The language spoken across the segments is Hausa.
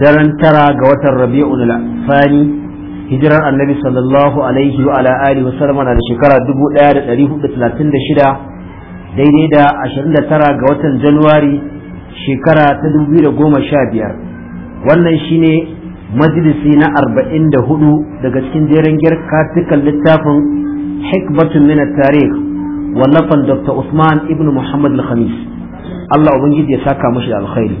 daren tara ga watan rabi'ul fani hijirar annabi sallallahu alaihi wa ala alihi wasallam na da shekara 1436 daidai da 29 ga watan januwari shekara ta 2015 wannan shine majalisi na 44 daga cikin jerin girkatukan littafin hikmatun min tarih tarikh wallafan dr usman ibn muhammad al-khamis Allah ubangiji ya saka mashi da alkhairi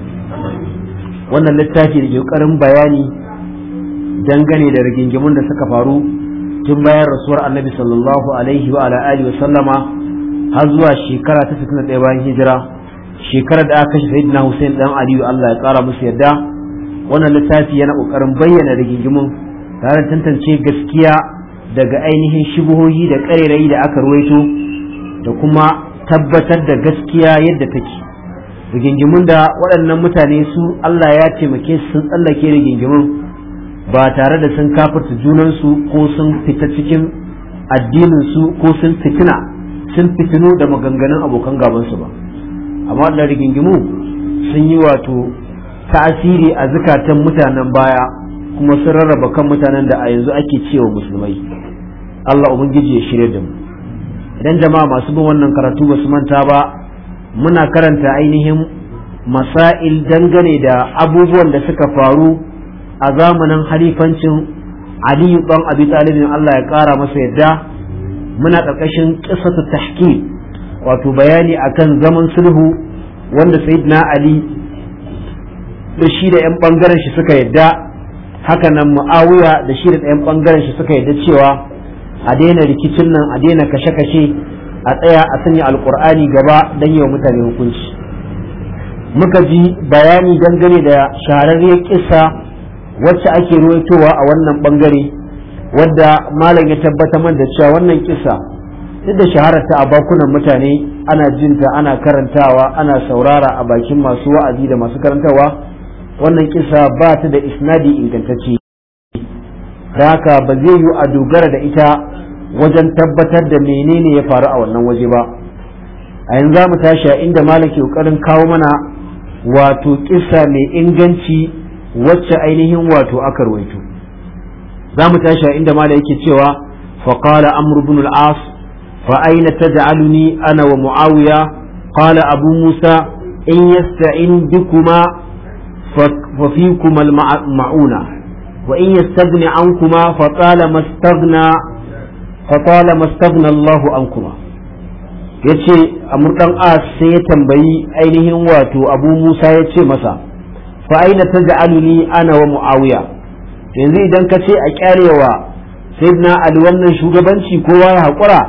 wannan littafi da ƙoƙarin bayani dangane da rigingimun da suka faru tun bayan rasuwar annabi sallallahu alaihi wa ala wa sallama har zuwa shekara ta 61 bayan hijira shekarar da aka kashe sayyidina Hussein dan Aliyu Allah ya tsara musu yadda wannan littafi yana ƙoƙarin bayyana rigingimun tare da tantance gaskiya daga ainihin shibuhohi da ƙarerayi da aka ruwaito da kuma tabbatar da gaskiya yadda take rigingimun da waɗannan mutane su Allah ya taimake su sun tsallake rigingimun ba tare da sun kafirta junansu ko sun fita cikin addininsu ko sun fitina sun fitino da maganganun abokan gabansu ba amma waɗannan rigingimu sun yi wato tasiri a zukatan mutanen baya kuma sun rarraba kan mutanen da a yanzu ake cewa musulmai Allah ubangiji ya shirya da mu idan jama'a masu bin wannan karatu ba su manta ba muna karanta ainihin masail dangane da abubuwan da suka faru a zamanin halifancin aliyu ɗan abi talibin Allah ya ƙara masa yadda muna ƙarƙashin ƙisatu tahki wato bayani akan zaman sulhu wanda sayyidina ali da shi da 'yan ɓangaren shi suka yadda haka nan mu'awiya da shi da 'yan ɓangaren shi suka yadda cewa a daina rikicin nan a daina kashe-kashe a tsaya a sanya alkur'ani gaba don yawan mutane hukunci muka ji bayani dangane da shahararriyar kisa wacce ake ruwaitowa a wannan bangare wadda malam ya tabbatar man da cewa wannan kisa duk da shahararta a bakunan mutane ana jinta ana karantawa ana saurara a bakin masu wa'azi da masu karantawa wannan kisa ba ta da isnadi ingantacce da haka ba zai yi a dogara da ita wajen tabbatar da menene ya faru a wannan waje ba a yanzu za mu tashi a inda malaki ƙoƙarin kawo mana wato kisa mai inganci wacce ainihin wato aka rawaito za mu tashi a inda malaki yake cewa فقال عمرو بن العاص فأين تجعلني أنا ومعاوية قال أبو موسى kuma يستعن بكما ma'una المعونة in يستغن عنكما فقال ما استغنى fa qala mastaghna Allahu ankuma yace a dan As sai ya tambayi ainihin wato Abu Musa ya ce masa fa aina taj'aluni ana wa Muawiya yanzu idan ka ce a kyarewa sayyidina Ali wannan shugabanci kowa ya hakura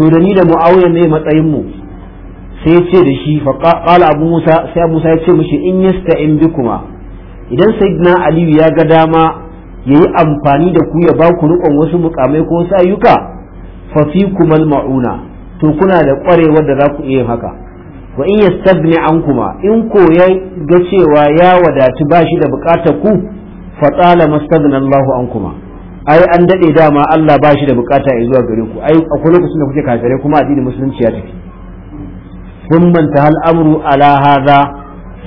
to da ni da Muawiya ne matsayin mu sai ya ce da shi fa qala Abu Musa sai Abu Musa ya ce mishi in yasta'in kuma. idan sayyidina Ali ya ga dama ya yi amfani da ku ya ba ku riƙon wasu mukamai ko wasu ayyuka fafi fi ma'una to kuna da ƙwarewar da za ku iya haka wa in ya an kuma in ko ya ga cewa ya wadatu ba shi da bukatar ku fatsala tsala allahu Allahu kuma ai an daɗe dama Allah ba shi da bukata ya zuwa gare ku ai akwai lokacin da kuke kafirai kuma addinin musulunci ya tafi sun manta al'amuru ala haza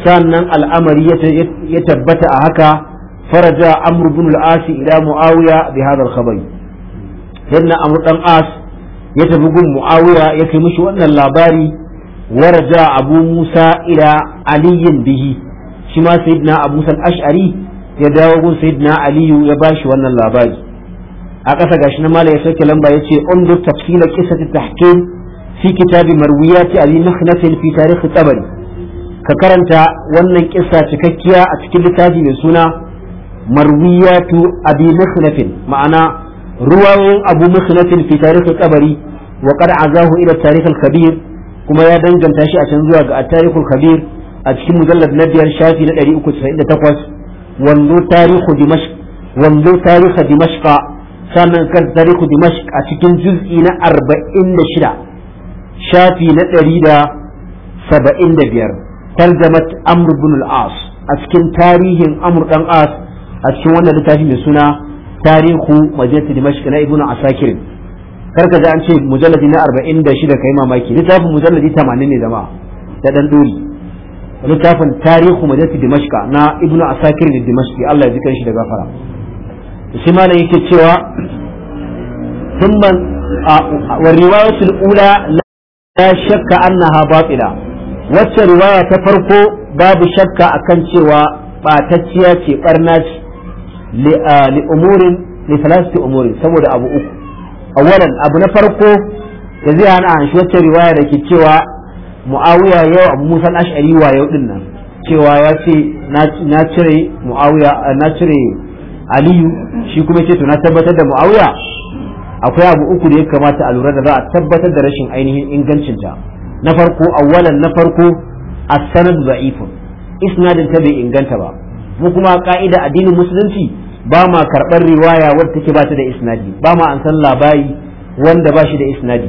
sannan al'amari ya tabbata a haka faraja amr bin al-as ila muawiya bi hadha as ya tafi gun muawiya ya kai wannan labari waraja abu musa ila bihi shima ma sayyidina ash'ari ya dawo gun sayyidina aliyu ya ba shi wannan labari a ƙasa gashi na mala ya sauke lamba ya ce undu tafsila qissati tahkim في كتاب مرويات أبي مخنف في ka karanta wannan ونن cikakkiya a cikin littafi mai suna. marwiyatu abi musnafin ma'ana ruwan abu musnafin fi tarihi kabari wa qad azahu ila tarikh al-kabir kuma ya danganta shi a canzuwa zuwa ga at kabir a cikin mujallad na biyar shafi na 398 wando tarihu dimashq wando tarihu dimashq sannan kan tarihu dimashq a cikin juz'i na 46 shafi na 175 tarjamat amr ibn a cikin tarihin dan as a cikin wannan littafi mai suna tarihu majalisar dimashq na ibnu asakir karka ji an ce mujalladi na 46 kai mamaki littafin mujalladi 80 ne zama da dan dori littafin tarihu majalisar dimashq na ibnu asakir da dimashq Allah ya ji shi da gafara shi malam yake cewa ثم والرواية الأولى لا شك أنها باطلة wacce riwaya ta farko babu shakka kan cewa batacciya ce ɓarna Ah, li umurin li thalathati umurin saboda abu uku awalan abu na farko da zai hana an shi riwaya da ke cewa muawiya yau abu musa ash'ari wa yau din nan cewa ya ce na cire muawiya ah, na cire aliyu shi kuma ce to na tabbatar da muawiya akwai abu uku da ya kamata a lura da za a tabbatar da rashin ainihin ingancinta na farko awalan na farko as-sanad da'ifun isnadin ta bai inganta ba mu kuma ka'ida addinin musulunci ba ma karɓar riwaya wadda take ba ta da isnadi ba ma an san labari wanda ba shi da isnadi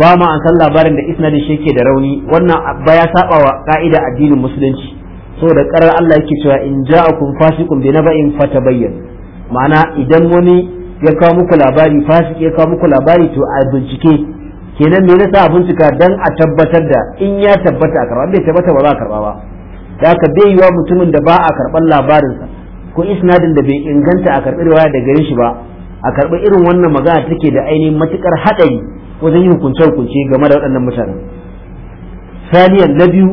ba ma an san labarin da isnadi shi ke da rauni wannan ba ya saba wa ka'ida addinin musulunci saboda karar Allah yake cewa in ja'akum fasiqun bi naba'in fatabayyan ma'ana idan wani ya kawo muku labari fasiki ya kawo muku labari to a bincike kenan me yasa a bincika dan a tabbatar da in ya tabbata a karba bai tabbata ba za a karba ba da haka bai yiwa mutumin da ba a karɓar labarinsa ko isnadin da bai inganta a karɓi riwaya da gare shi ba a karɓi irin wannan magana take da ainihin matukar haɗari wajen yin hukunce hukunce game da waɗannan mutanen saniyan na biyu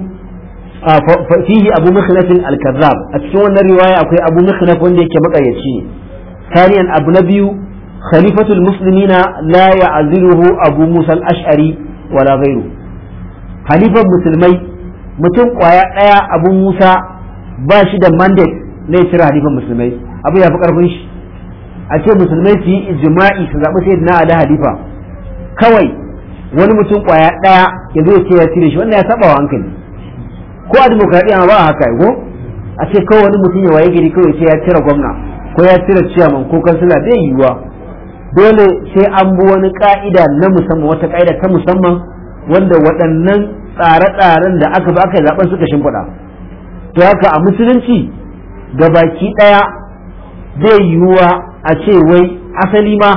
fihi abu mukhlafin alkazab a cikin wannan riwaya akwai abu mukhlaf wanda yake makayyaci ne saniyan abu na biyu khalifatul muslimina la ya'ziruhu abu musa ashari wala ghayru khalifan musulmai mutum kwaya ɗaya abu musa ba shi da mandate na ya cire halifan musulmai abu ya fi ƙarfin shi a ce musulmai su yi ijma'i su zaɓi sai na ala halifa kawai wani mutum kwaya ɗaya ya zo ya ce ya cire shi wannan ya saba wa hankali ko a dimokuraɗiyya ba a haka ko a ce kawai wani mutum ya waye gari kawai ya ce ya cire gwamna ko ya cire ciyaman ko kansila bai yiwuwa dole sai an bi wani ka'ida na musamman wata ka'ida ta musamman wanda waɗannan tsare-tsaren da aka ba aka yi zaben suka shimfiɗa to haka a musulunci ga baki ɗaya zai yiwuwa a ce wai asali ma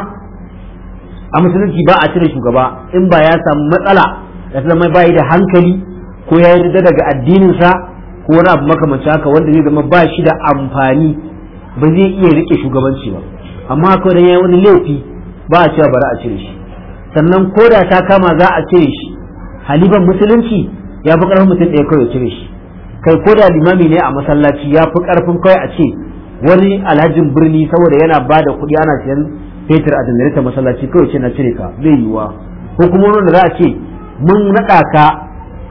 a musulunci ba a cire shugaba in ba ya samu matsala ya ta zama bayi da hankali ko ya yi yarda daga addininsa ko wani abu makamancin haka wanda zai zama ba shi da amfani ba zai iya rike shugabanci ba amma kawai dan yayi wani laifi ba a cewa bari a cire shi sannan ko da ta kama za a cire shi haliban musulunci ya fi karfin mutum ɗaya kawai cire shi kai ko da limami ne a masallaci ya fi karfin kawai a ce wani alhajin birni saboda yana ba da kuɗi ana siyan fetur a janareta masallaci kawai ce na cire ka zai yiwuwa ko kuma wanda za a ce mun naɗa ka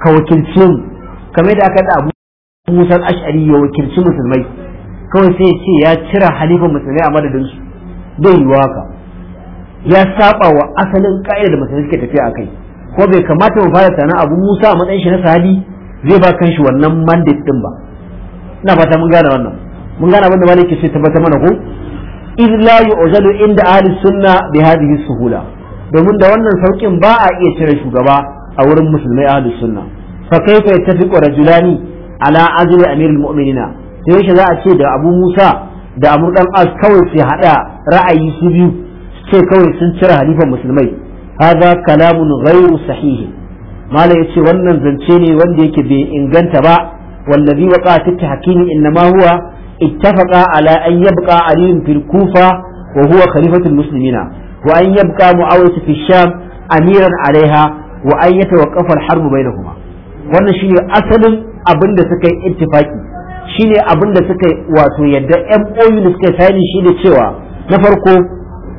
ka wakilci mu kamar da aka da musan ash'ari ya wakilci musulmai kawai sai ya ce ya cira halifan musulmai a su zai yiwuwa haka ya saba wa asalin ka'idar da musulmai suke tafiya a kai ko bai kamata mu fara tana abu Musa a matsayin shi na sahabi zai ba kanshi wannan mandate din ba ina fata mun gane wannan mun gane abin da malai ke ce tabbata mana ko illa la inda ahli sunna bi hadhihi suhula domin da wannan saukin ba a iya cire shugaba a wurin musulmai ahli sunna fa kaifa yattafiqu rajulani ala ajli amirul mu'minina sai shi za a ce da Abu Musa da Amr dan As kawai sai hada ra'ayi su biyu sai kawai sun cire halifan musulmai hadha kalamun ghairu sahih malam yace wannan zance ne wanda yake bai inganta ba wallazi waqa fi tahkimi innama huwa ittafaqa ala an yabqa ali fil kufa wa huwa khalifatul muslimina wa an yabqa muawiyah fi sham amiran alaiha wa an yatawaqqafa al harb bainahuma wannan shine asalin abin da suka yi ittifaki shine abin da suka wato yadda MOU da suka sani shine cewa na farko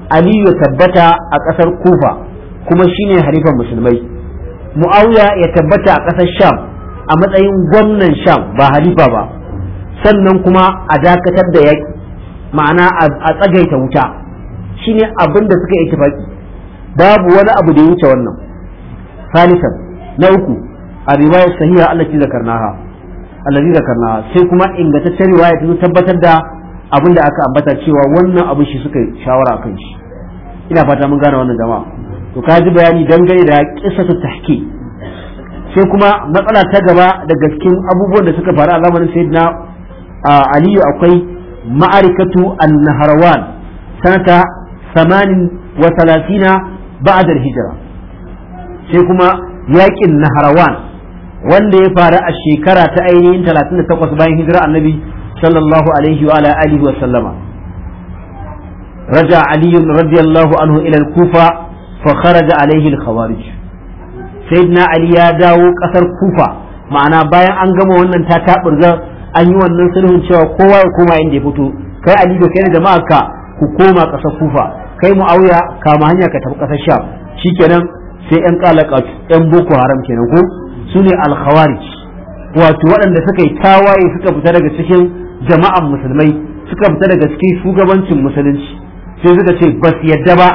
Aliyu ya tabbata a ƙasar Kufa kuma shine halifan musulmai muawiya ya tabbata a ƙasar sham a matsayin gwamnan sham ba halifa ba sannan kuma a dakatar da yaƙi ma'ana a tsagaita wuta shine abin da suka yi tafaki babu wani abu da ya wuce wannan salisan na uku a riwayar sahiha allati zakarnaha allazi zakarnaha sai kuma ingantaccen riwaya ta tabbatar da abin da aka ambata cewa wannan abu shi suka shawara kan shi ina fata mun gane wannan jama'a to ka ji bayani dangane da kisatu tahki sai kuma matsala ta gaba daga cikin abubuwan da suka faru a zamanin sayyidina aliyu akwai ma'arikatu an-nahrawan sanata 38 ba'da hijra sai kuma yaƙin nahrawan wanda ya faru a shekara ta ainihin 38 bayan hijira annabi sallallahu alaihi wa ala alihi wa sallama raja kufa فخرج عليه الخوارج سيدنا علي ali ya dawo ƙasar kufa ma'ana bayan an gama wannan ta taburza an yi wannan sulhun cewa kowa ya koma inda ya fito kai ali da kai jama'a ka ku koma kasar kufa kai muawiya kama hanya ka tafi kasar sham shikenan sai yan kalaka yan boko haram kenan ko su ne al-khawarij wato waɗanda suka yi tawaye suka fita daga cikin jama'an musulmai suka fita daga cikin shugabancin musulunci sai suka ce ba su yadda ba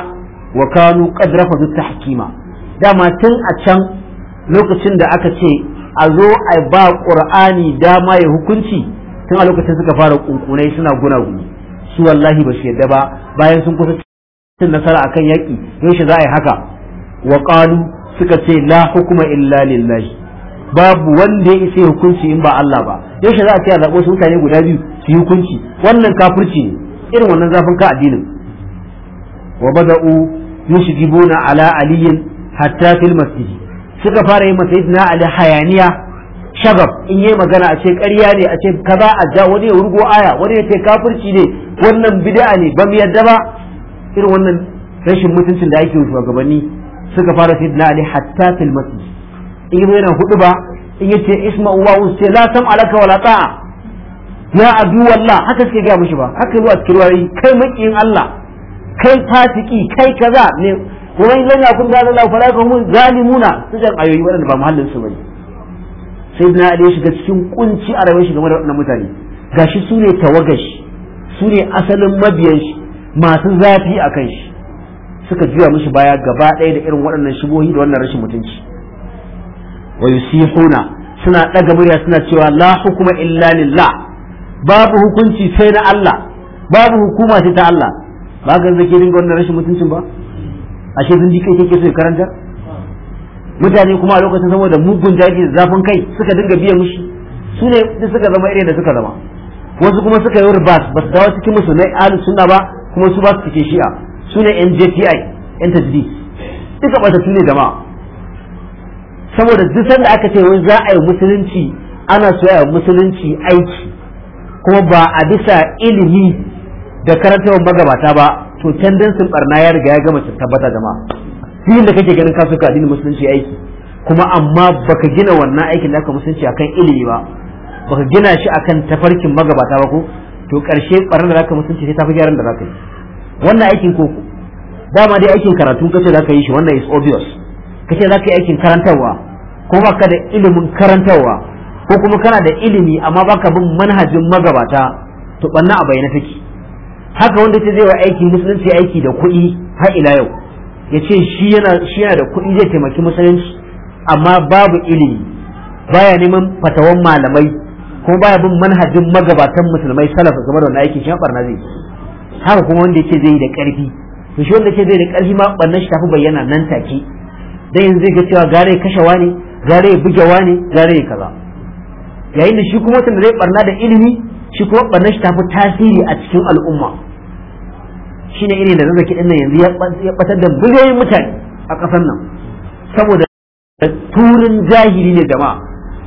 wa kanu qadrafa rafadu tahkima dama tun a can lokacin da aka ce a zo a ba qur'ani dama ya hukunci tun a lokacin suka fara kunkunai suna gunaguni su wallahi ba su yadda ba bayan sun kusa cin nasara akan yaki yaushe za a yi haka wa qalu suka ce la hukuma illa lillahi babu wanda ya isa hukunci in ba Allah ba yaushe za a ce a zaɓo su mutane guda biyu su yi hukunci wannan kafirci ne irin wannan zafin ka addinin wa bada'u yushribuna ala aliyin hatta fil masjid suka fara yi masa idna ali hayaniya shagab in yi magana a ce ƙarya ne a ce kaza a ja wani ya wurgo aya wani ya ce kafirci ne wannan bid'a ne ba mu yadda ba irin wannan rashin mutuncin da ake wa gabanni suka fara sayyidina ali hatta fil masjid in yi yana hudu ba in ya ce isma'u wa ce la sam alaka wala ta'a ya adu wallah haka suke gaya mishi ba haka zuwa cikin kai makiyin Allah kai fasiki kai kaza ne wa in lam yakun zalika fa la hum zalimuna sujan ayoyi waɗanda ba muhallin su bane sai na ali shiga cikin kunci a rayuwar shi game da waɗannan mutane gashi su ne tawagashi su ne asalin mabiyan shi masu zafi a kan shi suka juya mishi baya gaba ɗaya da irin waɗannan shigohi da wannan rashin mutunci wa yusihuna suna ɗaga murya suna cewa la hukuma illa lillah babu hukunci sai na Allah babu hukuma sai ta Allah ba ga zake dinga wannan rashin mutuncin ba ashe sun kai so ya karanta mutane kuma a lokacin saboda mugun jaji zafin kai suka dinga biya mushi su ne duk suka zama irin da suka zama wasu kuma suka yi rubas ba su dawo cikin musulmai ahlus sunna ba kuma su ba su cikin shi'a su ne MJTI yan tajdid duka ba su ne jama'a saboda duk sanda aka ce wai za a yi musulunci ana so a musulunci aiki kuma ba a bisa ilimi da karantawa magabata ba to tendensin barna ya riga ya gama tabbata jama'a yin da kake ganin ka suka addinin musulunci aiki kuma amma baka gina wannan aikin da aka musulunci akan ilimi ba baka gina shi akan tafarkin magabata ba ko to karshe barna da aka musulunci sai tafi gyaran da zaka yi wannan aikin koko dama dai aikin karatu kace zaka yi shi wannan is obvious kace zaka yi aikin karantarwa ko baka da ilimin karantarwa ko kuma kana da ilimi amma baka bin manhajin magabata to banna a bayyana take haka wanda ce zai wa aiki musulunci aiki da kuɗi har ila yau ya ce shi yana da kuɗi zai taimaki musulunci amma babu ilimi baya neman fatawan malamai kuma baya bin manhajin magabatan musulmai salafa game da wannan aiki shi na zai haka kuma wanda yake zai da ƙarfi to shi wanda yake zai da ƙarfi ma barna shi tafi bayyana nan take dan yanzu ga cewa gare ya kashe wani gare ya buge wani gare ya kaza yayin da shi kuma wanda zai barna da ilimi shi kuma barna shi tafi tasiri a cikin al'umma shi ne irin da zazzaki zaki nan yanzu ya batar da biliyoyin mutane a ƙasar nan saboda turin jahili ne jama'a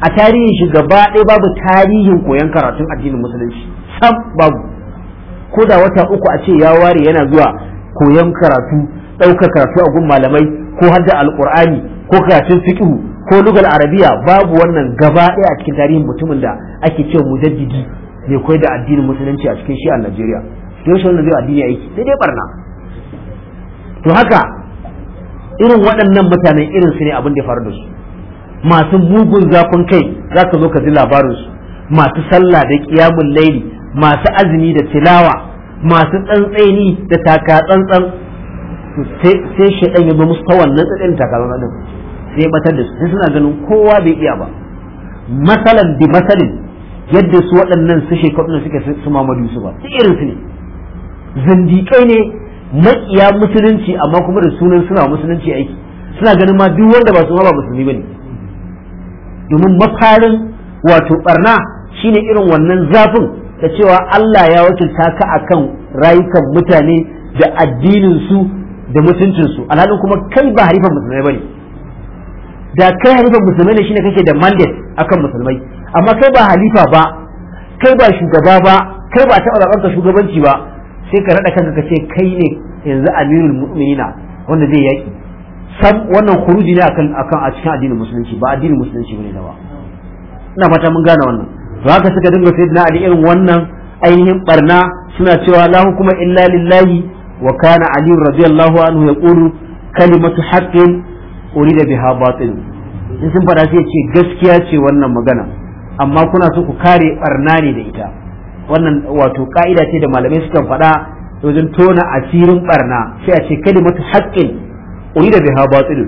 a tarihin shi gaba ɗaya babu tarihin koyon karatun addinin musulunci sam babu ko da wata uku a ce ya ware yana zuwa koyon karatu ɗaukar karatu a gun malamai ko hadda alƙur'ani ko karatun fiqhu ko lugal arabiya babu wannan gaba ɗaya a cikin tarihin mutumin da ake cewa mujaddidi ne koyar da addinin musulunci a cikin shi a Najeriya yaushe wannan zai addini aiki sai dai barna to haka irin waɗannan mutanen irin su ne abin da ya faru da su masu mugun zafin kai za ka zo ka ji labarin su. masu sallah da kiyamun laili masu azumi da tilawa masu tsantsaini da taka tsantsan sai shaidan ya bi musu ta na tsantsan taka tsantsan sai batar da su sai suna ganin kowa bai iya ba masalan bi masalin yadda su waɗannan su shekaru suke su mamadu su ba su irin su ne zindiƙai ne maƙiya musulunci amma kuma da sunan suna musulunci aiki suna ganin ma duk wanda ba su ba musulmi ba ne domin mafarin wato barna shine irin wannan zafin da cewa Allah ya wakilta ka akan rayukan mutane da addininsu da mutuncin su alhalin kuma kai ba harifan musulmai bane da kai harifan musulmai ne shine kake da mandate akan musulmai amma kai ba halifa ba kai ba shugaba ba kai ba taɓa zaɓen shugabanci ba sai ka rada kanka ka ce kai ne yanzu amirul mu'minina wanda zai yaki san wannan khuruji ne akan akan a cikin addinin musulunci ba addinin musulunci bane da ba ina fata mun gane wannan to haka suka dinga sayyidina ali irin wannan ainihin barna suna cewa la hukuma illa lillahi wa kana ali radiyallahu anhu yaqulu kalimatu haqqin urida biha batil in sun fada sai ce gaskiya ce wannan magana amma kuna so ku kare barna ne da ita wannan wato ka'ida ce da malamai sukan faɗa wajen tona asirin barna sai a ce kalimatu haqqin da biha batil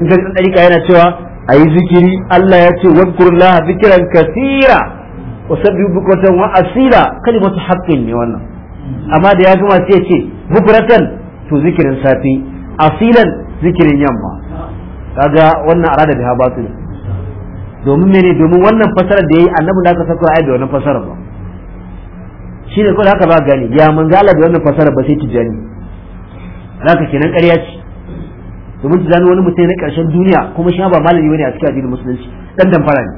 in ka san dariƙa yana cewa ayi zikiri Allah ya ce wadkurullaha zikran kathira wa sabbihu bukratan wa asila kalimatu haqqin ne wannan amma da ya gama sai ya ce bukratan to zikirin safi asilan zikirin yamma kaga wannan arada biha batil domin mene domin wannan fasarar da yayi annabi da aka sako ayi da wannan fasarar ba shi ne kawai haka ba gani ya mun Allah da wannan fasara ba sai tijani haka kenan ƙarya ce domin tijani wani mutum na ƙarshen duniya kuma shi ba malami bane a cikin addinin musulunci dan damfara ne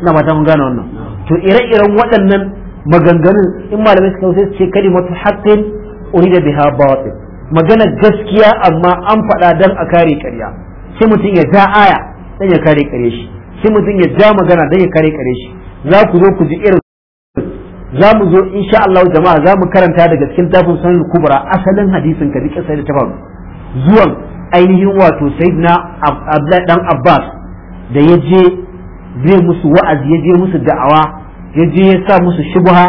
ina ta mun gane wannan to ire-iren waɗannan maganganun in malamai suka sai su ce kalimatu haqqin urida biha batil magana gaskiya amma an faɗa dan a kare ƙarya sai mutum ya ja aya dan ya kare ƙarya shi sai mutum ya ja magana dan ya kare ƙarya shi za ku zo ku ji irin za mu zo insha Allah jama'a za mu karanta daga cikin tafin sanin kubra asalin hadisin ka rike sai da tafa zuwan ainihin wato sayyidina Abdullahi dan Abbas da ya je zai musu wa'azi ya je musu da'awa ya je ya sa musu shubha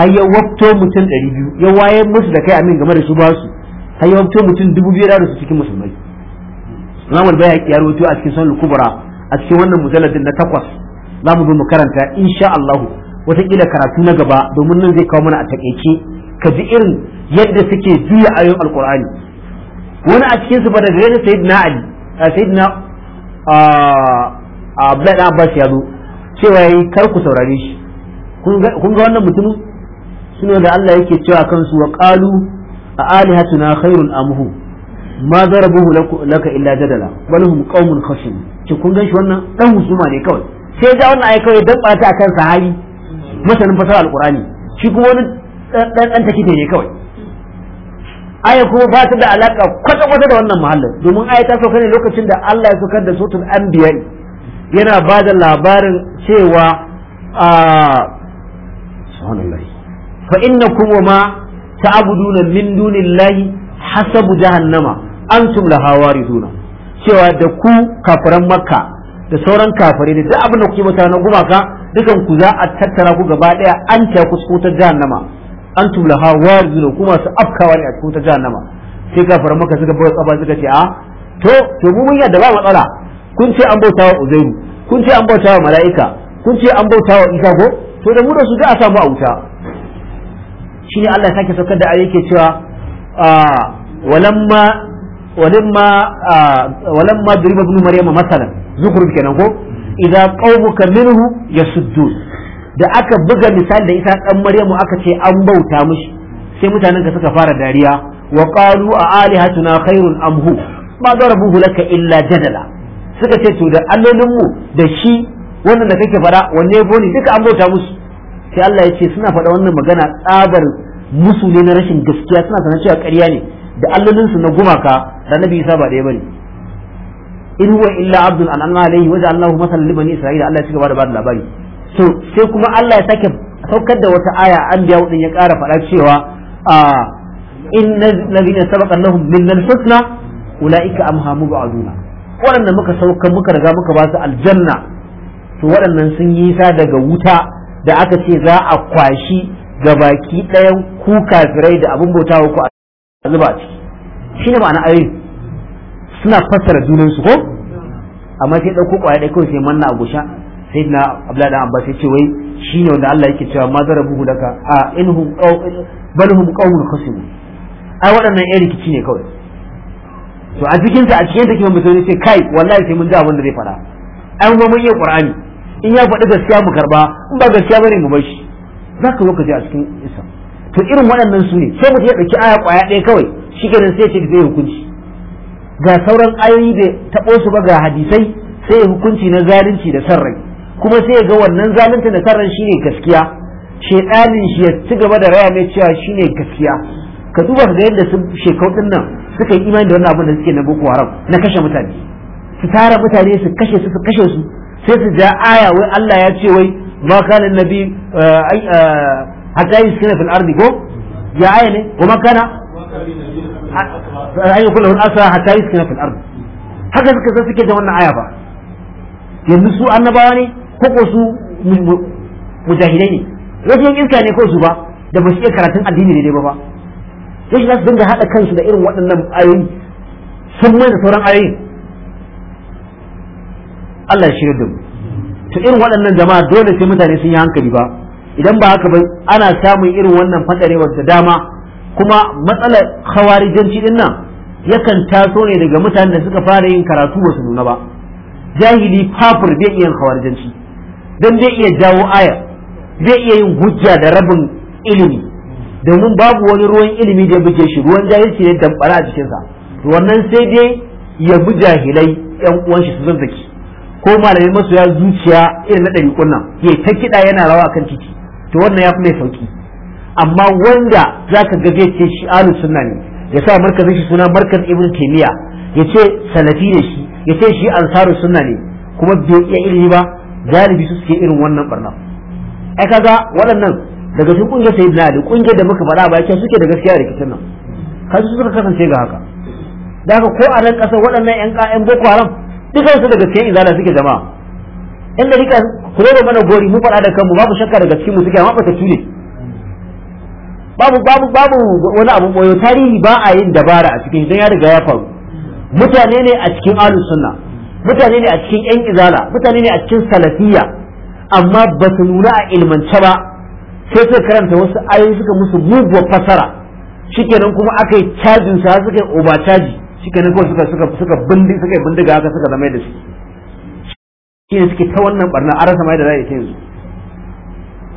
har ya wafto mutum 200 ya waye musu da kai amin game da ba su har ya wafto mutum 2000 da su cikin musulmai zamu al ya rawaito a cikin sunan kubra a cikin wannan mujalladin na takwas za mu zo mu karanta insha Allah watakila karatu na gaba domin nan zai kawo mana a takaice ka ji irin yadda suke juya ayoyin alkur'ani wani a cikin su Bada yadda sayyidina ali sayyidina abdullahi abbas ya zo cewa yayi kar ku saurare shi kun ga wannan mutumin suna da Allah yake cewa kansu wa qalu a alihatuna khairul amhu ma zarabuhu laka illa jadala bal hum qaumun khashin ki kun ga shi wannan dan husuma ne kawai sai ga wannan ayi kawai dan bata akan sahabi masanin fasara alqur'ani shi kuma wani dan dan take ne kawai aya kuma ba ta da alaka kwata kwata da wannan mahallin domin aya ta sauka ne lokacin da Allah ya saukar da sotul anbiya yana ba da labarin cewa a subhanallahi fa innakum ma ta'buduna min dunillahi hasabu jahannama antum laha cewa da ku kafiran makka da sauran kafirai da duk abin da kuke mutana gumaka dukan ku za a tattara ku gaba daya an ta ku ta jahannama an tulaha ne kuma su afkawa ne a cikin ta jahannama sai fara maka suka bar tsaba suka ce a ah, to to mu mun da ba matsala kun ce an bauta wa uzairu kun ce an bauta wa mala'ika kun ce an bauta wa isa ko to da mu da su za a samu a wuta shine Allah ya sake saukar da ayi yake cewa ah, walamma walamma ah, walamma duriba ibn maryama masalan zukuru kenan ko idza qaumuka minhu yasuddun da aka buga misali da isa dan maryamu aka ce an bauta mishi sai mutanen ka suka fara dariya wa qalu a alihatuna khairun am hu ma darabuhu laka illa jadala suka ce to da allolin mu da shi wannan da kake faɗa, wanne boni duka an bauta musu sai Allah ya ce suna faɗa wannan magana tsabar musu ne na rashin gaskiya suna sanar cewa ƙarya ne da allolin su na gumaka da nabi isa ba ya bane in huwa illa abdun an'amna alayhi waja'alnahu masalan li bani isra'ila Allah ya ci da bada labari so sai kuma Allah ya sake saukar da wata aya an biya din ya ƙara faɗa cewa a ah, inna ladina sabaqa lahum minal husna ulaika amhamu ba'duna waɗanda muka sauka muka riga muka ba su aljanna to waɗannan sun yi sa daga wuta da aka ce za a kwashi ga baki ɗayan kuka kafirai da abin bauta ku a zuba ciki shine ma'ana ayoyin suna fassara su ko amma sai ɗauko ƙwaya dai kawai sai manna a gusha sai na abdullahi dan abbas yace wai shine wanda Allah yake cewa ma zarabuhu laka a inhum qaw balhum qawmun khasim ai waɗannan ɗaya rikici ne kawai to a cikin ta a cikin ta kiman mutum sai kai wallahi sai mun ji abin da zai fara an goma mun yi qur'ani in ya faɗi gaskiya mu karba in ba gaskiya bane mu bar shi zaka zo ka je a cikin isa to irin waɗannan su ne sai mutum ya ɗauki aya ƙwaya ɗaya kawai shi kenan sai ya ce zai hukunci ga sauran ayoyi da taɓo su ba ga hadisai sai hukunci na zalunci da sarrai kuma sai ga wannan zalunci da sarrai shine gaskiya shedanin shi ya ci gaba da raya mai cewa shine gaskiya ka duba ga yadda su shekau din nan suka yi imani da wannan abin da suke na boko haram na kashe mutane su tara mutane su kashe su su kashe su sai su ja aya wai Allah ya ce wai ma kana nabi eh, eh, hatta yusina fil ardi ko ya aya ne kuma kana an yi kullum asa hatta yi suke fil ardu haka suka san suke da wannan aya ba yanzu su annabawa ne ko ko su mujahidai ne rashin iska ne ko su ba da ba su iya karatun addini daidai ba ba sai za su dinga haɗa kansu da irin waɗannan ayoyi sun mai da sauran ayoyi Allah ya shirya da mu to irin waɗannan jama'a dole sai mutane sun yi hankali ba idan ba haka ba ana samun irin wannan fadarewar da dama kuma matsalar khawarijanci din nan yakan taso ne daga mutanen da suka fara yin karatu ba su nuna ba jahili fafur bai iya khawarijanci dan zai iya jawo aya zai iya yin hujja da rabin ilimi domin babu wani ruwan ilimi da ya buje shi ruwan jahilci ne damfara a cikinsa wannan sai dai ya bi jahilai yan uwan shi su zazzaki ko malamai masoya zuciya irin na ɗari kunna ya ta kiɗa yana rawa kan titi to wannan ya fi mai sauki amma wanda za ka gaje ce shi alu sunna ne ya sa markazin shi suna markaz ibn taymiya ya ce salafi ne shi ya ce shi ansarus sunna ne kuma bai iya ilimi ba galibi su suke irin wannan barna ai kaga waɗannan daga cikin kungiyar sayyidina ali kungiyar da muka faɗa ba ce suke da gaskiya da rikicin nan kasu suka kasance ga haka da haka ko a nan ƙasar waɗannan ƴan ƴan boko haram dukansu daga cikin izala suke jama'a inda da rika ku mana gori mu faɗa da kanmu babu shakka daga cikin mu suke amma ba ta ne babu babu babu wani abu boyo tarihi ba a yin dabara a cikin don ya riga ya faru mutane ne a cikin alu sunna mutane ne a cikin yan izala mutane ne a cikin salafiyya amma ba su nuna a ilmance ba sai suka karanta wasu ayoyi suka musu muguwar fasara shikenan kuma aka yi cajin sa suka yi oba caji shikenan kuma suka suka suka bindi suka yi bindiga haka suka zama da su shine suke ta wannan barna arasa mai da zai a yanzu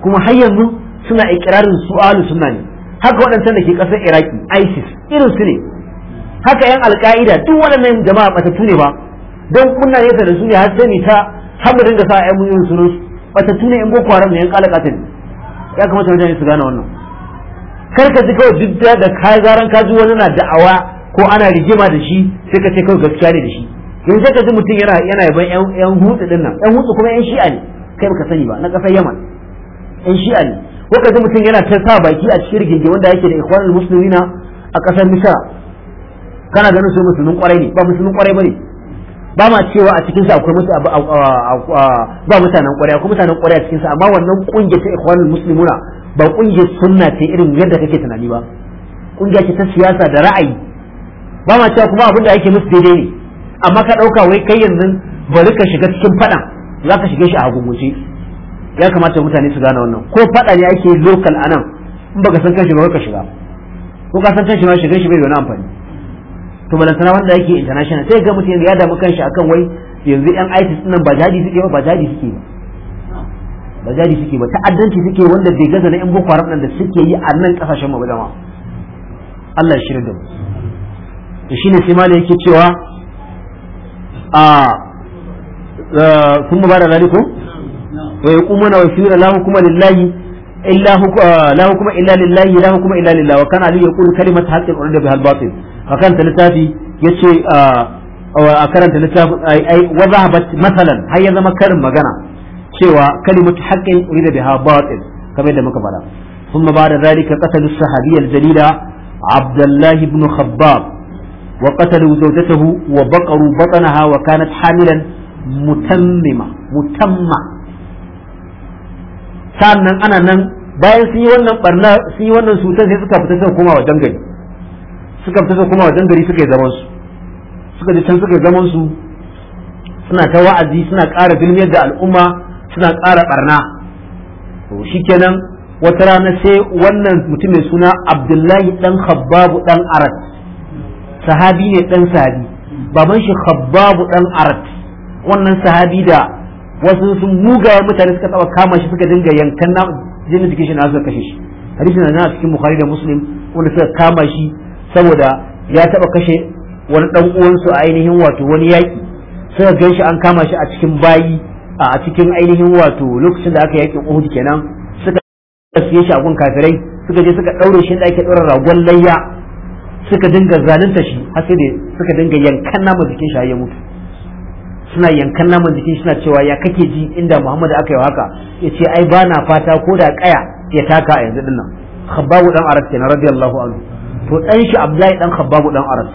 kuma har yanzu suna ikirarin su ahlus sunna ne haka waɗancan da ke ƙasar iraki isis irin su ne haka yan alka'ida duk waɗannan jama'a batattu ne ba don kunna ne da su ne har sai ta har mu dinga sa a mun yin sunan batattu ne in boko haram ne yan kalakata ne ya kamata mutane su gane wannan kar ka ji kawai duk da ka zaran ka ji wani na da'awa ko ana rigima da shi sai ka ce kawai gaskiya ne da shi yanzu ka ji mutum yana yana yaban yan hutsu din nan yan hutsu kuma yan shi'a ne kai baka sani ba na ƙasar yaman yan shi'a ne ko kaji mutum yana ta sa baki a cikin rigingi wanda yake da ikhwanul na a kasar misra kana ganin su musulmin kwarai ne ba musulmin kwarai bane ba ma cewa a cikin sa akwai musu ba mutanen kwarai akwai mutanen kwarai a cikin sa amma wannan kungiyar ta ikhwanul muslimuna ba kungiyar sunna ce irin yadda kake tunani ba kungiya ce ta siyasa da ra'ayi ba ma cewa kuma abin da ake musu daidai ne amma ka dauka wai kai yanzu bari ka shiga cikin fadan za ka shige shi a hagungunci ya kamata mutane su gane wannan ko faɗa ne ake local a nan in baka san kanshi ba ka shiga ko ka san kanshi ba shiga shi bai da wani amfani to balantana wanda yake international sai ga mutum ya damu kanshi akan wai yanzu yan ISIS nan ba jadi suke ba ba jadi suke ba ba jadi suke ba ta'addanci suke wanda bai gaza na yan boko haram da suke yi a nan kasashen mu jama'a Allah ya shirya da mu to shine sai malai yake cewa a ah, sun eh, mubara zalikum wa yaqumuna wa yusiruna la hukuma lillahi illa ah, la hukuma illa lillahi la hukuma illa lillah wa kana ali yaqulu kalimat haqqin littafi yace ah, a karanta littafi ai wa zahabat masalan har ya zama karin magana cewa kalimatu haqqin urida biha da muka faɗa ثم بعد ذلك قتلوا الصحابي الجليل عبد الله بن خباب وقتلوا زوجته وبقروا بطنها وكانت حاملا متممة متمة sannan ana nan bayan sun yi wannan barna sun yi wannan sutan sai suka fita suka koma wajen gari suka fita suka koma wajen gari suka yi zaman su suka je can suka yi zaman su suna ta wa'azi suna ƙara dulmiyar da al'umma suna ƙara barna to shikenan wata rana sai wannan mutum mai suna Abdullahi dan Khabbabu dan Arat sahabi ne dan sahabi baban shi Khabbabu dan Arat wannan sahabi da wasu sun muga mutane suka saba kama shi suka dinga yankan na jinin jikin shi na suka kashe shi hadisin na cikin bukhari da muslim wanda suka kama shi saboda ya taba kashe wani dan uwansu a ainihin wato wani yaki suka gan shi an kama shi a cikin bayi a cikin ainihin wato lokacin da aka yaki Uhud kenan suka siye shi a gun kafirai suka je suka daure shi da ake daura ragon layya suka dinga zalunta shi har sai da suka dinga yankan nama jikin shi ya mutu suna yankan naman jikin suna cewa ya kake ji inda Muhammadu aka yi haka ce ai ba na fata ko da kaya ya taka a yanzu dinnan Khabbabu dan Arab kenan radiyallahu anhu to dan shi Abdullahi dan Khabbabu dan Arab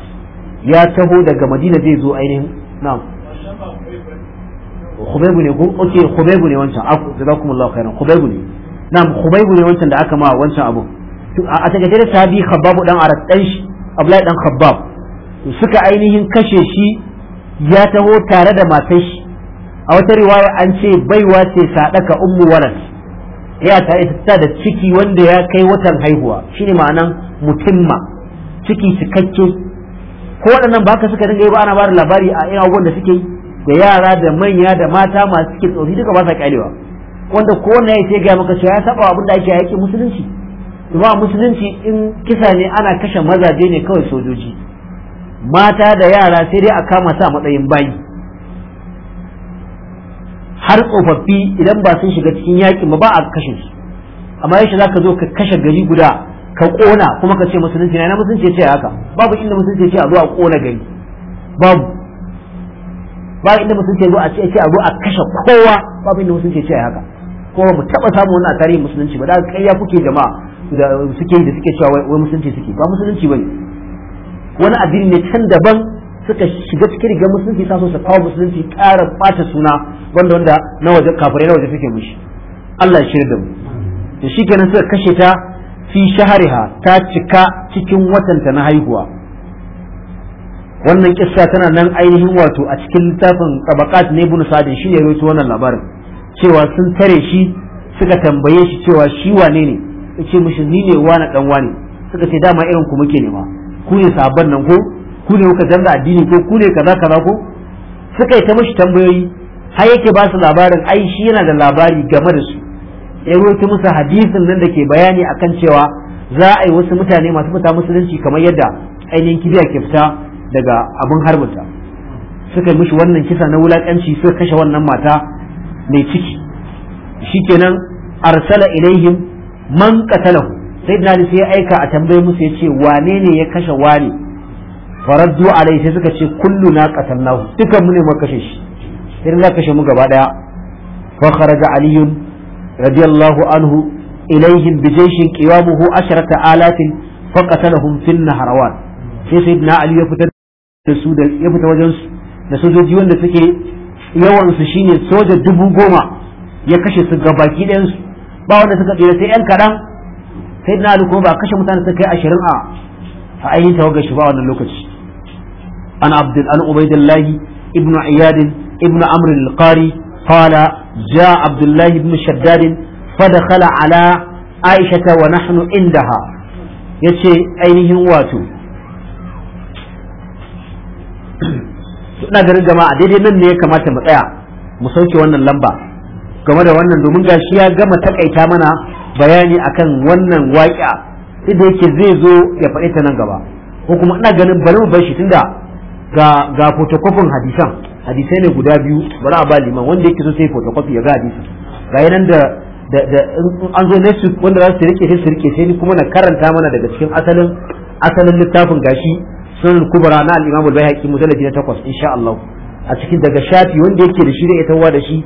ya taho daga Madina zai zo ainihin na'am Khubaybu ne ko okay Khubaybu ne wancan aku jazakumullahu khairan Khubaybu ne na'am Khubaybu ne wancan da aka ma wancan abu a takaice da sahabi Khabbabu dan Arab dan shi Abdullahi dan Khabbab suka ainihin kashe shi ya taho tare da matar shi a wata riwaya an ce baiwa ce sadaka ummu walad ya ta ita da ciki wanda ya kai watan haihuwa shine ma'anan mutumma ciki cikakke ko waɗannan ba haka suka dinga yi ba ana bada labari a yan abubuwan da suke da yara da manya da mata masu ciki tsofi duka ba sa kyalewa wanda ko kowanne ya sai gaya maka cewa ya saba abin da ake yaƙi musulunci ba musulunci in kisa ne ana kashe mazaje ne kawai sojoji mata da yara sai dai a kama su a matsayin bayi har tsofaffi idan ba sun shiga cikin yaƙin ba ba a kashe su amma za ka zo ka kashe gari guda ka ƙona kuma ka ce musulunci na musulunci ce haka babu inda musulunci ce a zo a ƙona gari babu ba inda musulunci zo a ce a zo a kashe kowa babu inda musulunci ce haka kuma mu taɓa samu wannan a tarihin musulunci ba da ya kuke jama'a da suke da suke cewa wai musulunci suke ba musulunci bane wani addini ne can daban suka shiga cikin rigar musulunci ta so su kawo musulunci ƙara ɓata suna wanda wanda na waje kafare na waje suke mushi Allah ya shirya da mu to shikenan suka kashe ta fi shahariha ta cika cikin watanta na haihuwa wannan kissa tana nan ainihin wato a cikin littafin tabaqat ne ibn sa'd shi ne rawaito wannan labarin cewa sun tare shi suka tambaye shi cewa shi wane ne yace mushi ni ne wani dan wani suka ce dama irin ku muke nema ku ne sabon nan ko ku ne kuka canza addini ko ku ne kaza kaza ko suka yi ta mishi tambayoyi har yake ba su labarin ai shi yana da labari game da su ya roki musu hadisin nan da ke bayani akan cewa za a yi wasu mutane masu fita musulunci kamar yadda ainihin kibiya ke fita daga abin harbinta suka yi mishi wannan kisa na wulakanci suka kashe wannan mata mai ciki shikenan arsala ilaihim man qatalahu sai na sai ya aika a tambaye musu ya ce wane ne ya kashe wane faraddu alai sai suka ce kullu na qatalnahu dukan mu ne muka kashe shi sai za kashe mu gaba daya fa kharaja aliyun radiyallahu anhu ilaihim bi jayshin qiwamuhu asharata alatin fa qatalahum fi nahrawan sai sayyidina ali ya fita da su da ya fita wajen su da sojoji wanda suke yawan su shine soja dubu goma ya kashe su gabaki ɗayan su ba wanda suka tsira sai yan kaɗan sai na kuma ba kashe mutane suka kai ashirin a a ainihin tawagar shi ba wannan lokaci an abdul an ubaidillahi ibn iyad ibn amr al-qari qala ja abdullah ibn shaddad fadakhala ala aisha wa nahnu indaha yace ainihin wato ina gama jama'a daidai nan ne ya kamata mu tsaya mu sauke wannan lamba game da wannan domin gashi ya gama takaita mana bayani akan wannan waƙi'a inda yake zai zo ya faɗi ta nan gaba ko kuma ina ganin bari mu bar shi tunda ga ga photocopying hadisan hadisai ne guda biyu bari a ba liman wanda yake so sai photocopy ya ga hadisi ga yanan da da an zo next week wanda za su rike sai su rike sai ni kuma na karanta mana daga cikin asalin asalin littafin gashi sunan kubra na al-imam al-bayhaqi mujallad na 8 insha Allah a cikin daga shafi wanda yake da shi da ita da shi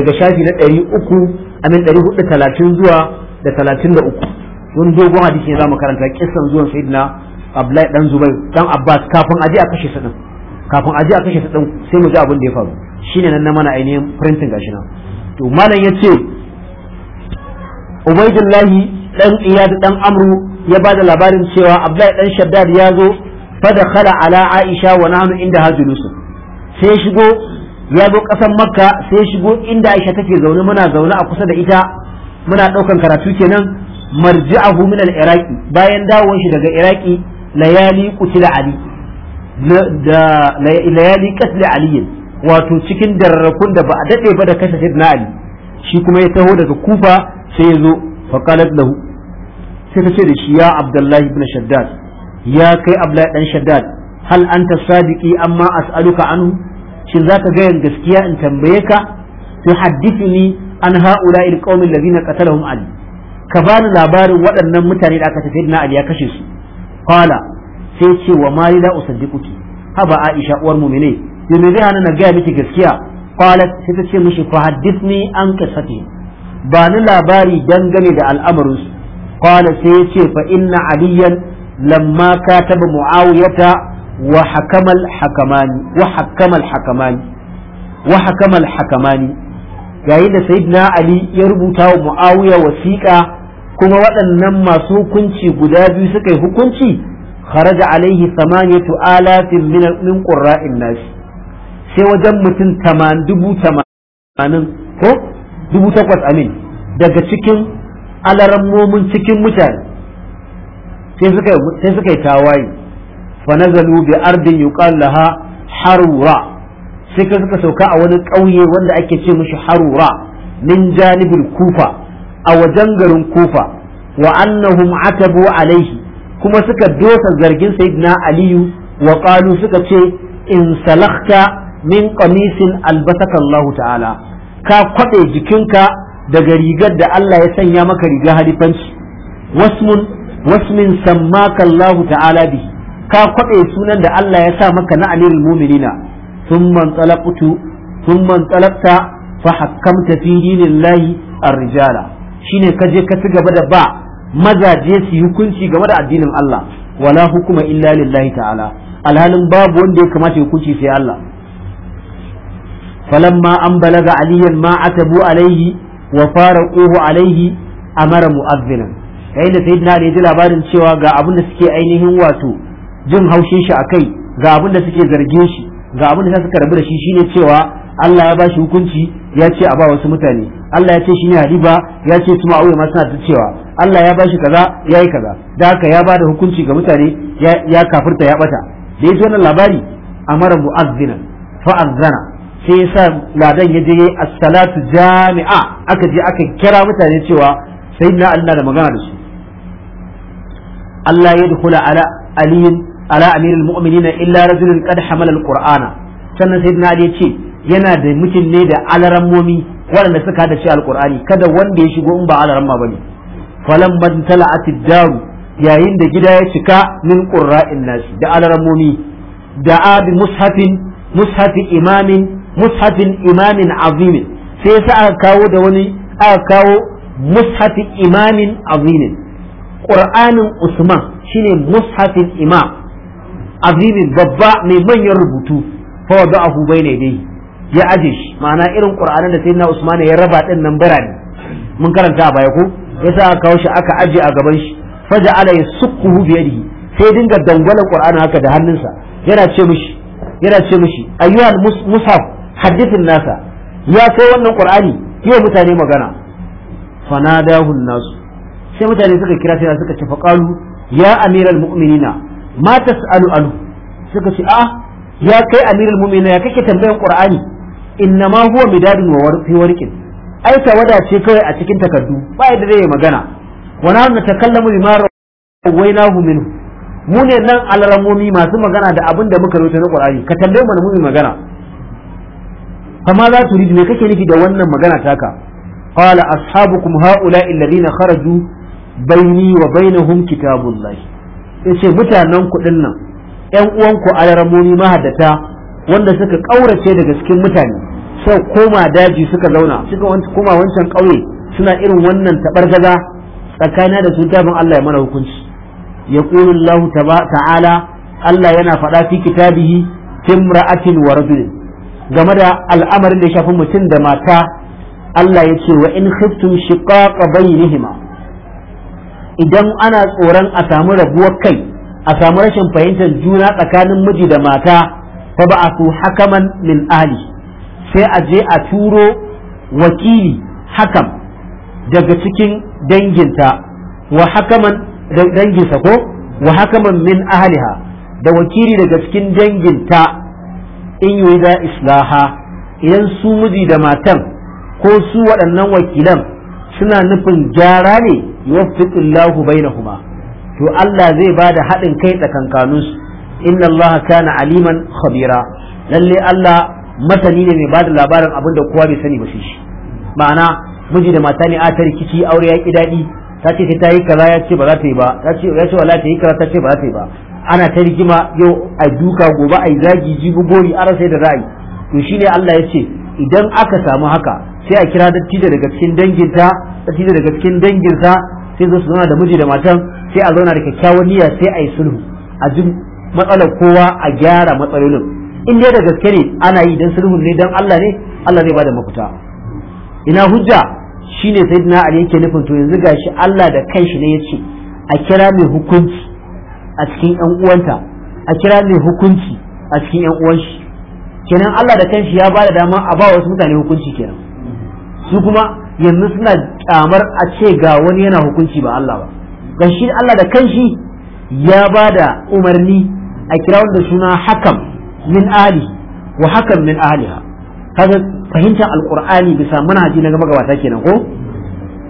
daga shafi na 300 amin 430 zuwa da talatin da uku don dogon hadisi ne za mu karanta kisan zuwan sayyidina abdullahi dan zubai dan abbas kafin aje a kashe su din kafin aje a kashe su din sai mu ji abin da ya faru shine nan na mana ainihin printing gashi nan to malam yace ubaidullahi dan iyad dan amru ya bada labarin cewa abdullahi dan shaddad ya zo fa kala ala aisha wa nahnu inda hajulusu sai shigo ya zo ƙasar makka sai shigo inda aisha take zaune muna zaune a kusa da ita muna ɗaukan karatu kenan marji'ahu min al-iraqi bayan dawon shi daga iraqi layali qutila ali da layali qatl ali wato cikin dararrakun da ba a dade ba da kashe sayyidina ali shi kuma ya taho daga kufa sai ya zo fa qalat lahu sai ta ce da shi ya abdullahi ibn shaddad ya kai abdullahi dan shaddad hal anta sadiqi amma as'aluka anhu shin zaka ga gaskiya in tambaye ka sai ni. an ha'ula il qaumin ladina qatalahum ali ka bani labarin waɗannan mutane da aka tafi na ali ya kashe su qala sai ce wa ma la usaddiquki haba aisha uwar mu'mine yanzu zai hana na ga miki gaskiya qalat sai ta ce mishi fa haddithni an qissati ba ni labari dangane da al'amarin su qala sai ya ce fa inna aliyan lamma kataba muawiyata wa hakamal wa hakamal hakamani wa hakamal hakamani yayin da sayyidina ali ya rubuta wa muawiya wasiƙa kuma waɗannan masu hukunci guda biyu suka yi hukunci kharaja alaihi samaniyatu alafin min min qurra'in nas sai wajen mutum 80 ko dubu takwas amin daga cikin alarammomin cikin mutane sai suka sai suka yi tawaye fa nazalu bi ardin yuqal laha harura sai ka suka sauka a wani ƙauye wanda ake ce mishi harura min janibul kufa a wajen garin kufa wa annahum atabu alaihi kuma suka dosa zargin sayyidina aliyu wa qalu suka ce in salakta min qamisin albasaka Allah ta'ala ka kwaɗe jikinka daga rigar da Allah ya sanya maka riga halifanci wasmun wasmin sammaka Allah ta'ala bi ka kwaɗe sunan da Allah ya sa maka na alirul mu'minina ثم انطلقت ثم انطلقت فحكمت في دين الله الرجال shine ka je ka ci gaba da ba mazaje suyi hukunci game da addinin Allah wala hukuma illa lillahi ta'ala alhalin babu wanda ya kamata ya hukunci sai Allah ma an balaga aliyan ma atabu alaihi wa faraquhu alaihi amara mu'azzinan yayin da sayyidina ali ji labarin cewa ga abin da suke ainihin wato jin haushin shi a kai, ga abin da suke zargin shi ga abin da suka rabu da shi shine cewa Allah ya ba shi hukunci ya ce a ba wasu mutane Allah ya ce shi ne hadiba ya ce su ma'auya masu suna ta cewa Allah ya ba shi kaza ya yi kaza da haka ya ba da hukunci ga mutane ya kafirta ya bata da ya wannan labari a mara mu'azzina fa'azzana sai ya sa ladan ya je as-salatu jami'a aka je aka kira mutane cewa sayyidina Allah da magana da su Allah ya dukula ala aliyin ala amirul mu'minina illa rajulun qad hamala alqur'ana sannan sayyidina ali yace yana da mutum ne da alarammomi waɗanda suka da shi alqur'ani kada wanda ya shigo in ba alaramma bane falan man tala'at daru yayin da gida ya cika min qurra'in nasi da alarammomi da'a bi mushafin mushafi imamin mushafin imamin azimin sai sa aka kawo da wani aka kawo mushafi imamin azimin qur'anin usman shine mushafin imam azimin babba mai manyan rubutu fa bai ne dai. ya aje shi ma'ana irin qur'anin da sayyidina usman ya raba din nan birane mun karanta a baya ko yasa aka kawo shi aka aje a gaban shi Fa da alai sukuhu bi yadihi sai dinga dangwala qur'ani haka da hannunsa yana ce mishi yana ce mishi ayyuhal mushaf hadithin nasa ya kai wannan qur'ani yau mutane magana fanadahu nasu sai mutane suka kira sai suka ce faqalu ya amiral mu'minina ma tas'alu alu suka ce a ah, ya kai amirul mu'minin ya kake tambayan qur'ani inna ma huwa midadun wa warfi warqin ai tawada ce kawai a cikin takardu ba yadda zai magana wa na natakallamu bima rawainahu minhu mu ne nan alamomi masu magana da abin da muka rubuta na qur'ani ka tambaye mu mu magana kama za tu ridi me kake nufi da wannan magana taka qala ashabukum ha'ula'i alladhina kharaju baini wa bainahum kitabullahi yace mutanen kuɗin nan 'yan uwanku alarmomi mahaddata wanda suka ƙaurace daga cikin mutane sau koma daji suka zauna suka koma wancan ƙauye suna irin wannan tabargaza tsakanin da sun tabin Allah ya mana hukunci yaqulu Allah ta'ala Allah yana faɗa fi kitabihi timra'atin wa rajulin game da al'amarin da ya shafi mutum da mata Allah ya ce wa in khiftum shiqaqa bainihima idan ana tsoron a samu rabuwar kai a samu rashin fahimtar juna tsakanin miji da mata fa ba a hakaman min ali, sai a je a turo wakili hakam daga cikin danginta wa hakaman danginsa ko wa hakaman min ahliha da wakili daga cikin danginta in yi da islaha idan su miji da matan ko su waɗannan wakilan suna nufin gyara ne yuwaffiqu Allahu bainahuma to Allah zai bada haɗin kai tsakankanin su inna Allah kana aliman khabira Lallai Allah masani ne mai bada labarin abin da kowa bai sani ba shi ma'ana miji da mata ne a ta rikici aure ya ki daɗi ta ce ta yi kaza ya ce ba za ta yi ba ya ce wala ta yi kaza ta ce ba za ta yi ba ana ta rigima yau a duka gobe a yi zagi jibi gori ara sai da ra'ayi to shine Allah ya ce idan aka samu haka sai a kira dattijo daga cikin danginta dattijo daga cikin danginsa sai zo su zauna da miji da matan sai a zauna da kyakkyawan niyya sai a yi sulhu a ji matsalar kowa a gyara matsalolin in dai da gaske ne ana yi dan sulhu ne dan Allah ne Allah zai bada mafita ina hujja shine sayyidina Ali yake nufin to yanzu gashi Allah da kanshi ne yace a kira mai hukunci a cikin yan uwanta a kira mai hukunci a cikin yan uwan shi kenan Allah da kanshi ya bada dama a ba wasu mutane hukunci kenan su kuma yanzu suna kyamar a ce ga wani yana hukunci ba Allah ba ga shi Allah da kanshi ya ba da umarni a kira wanda suna hakam min ali wa hakam min aliha kaga fahimtar alqur'ani bisa manhaji na gabata kenan ko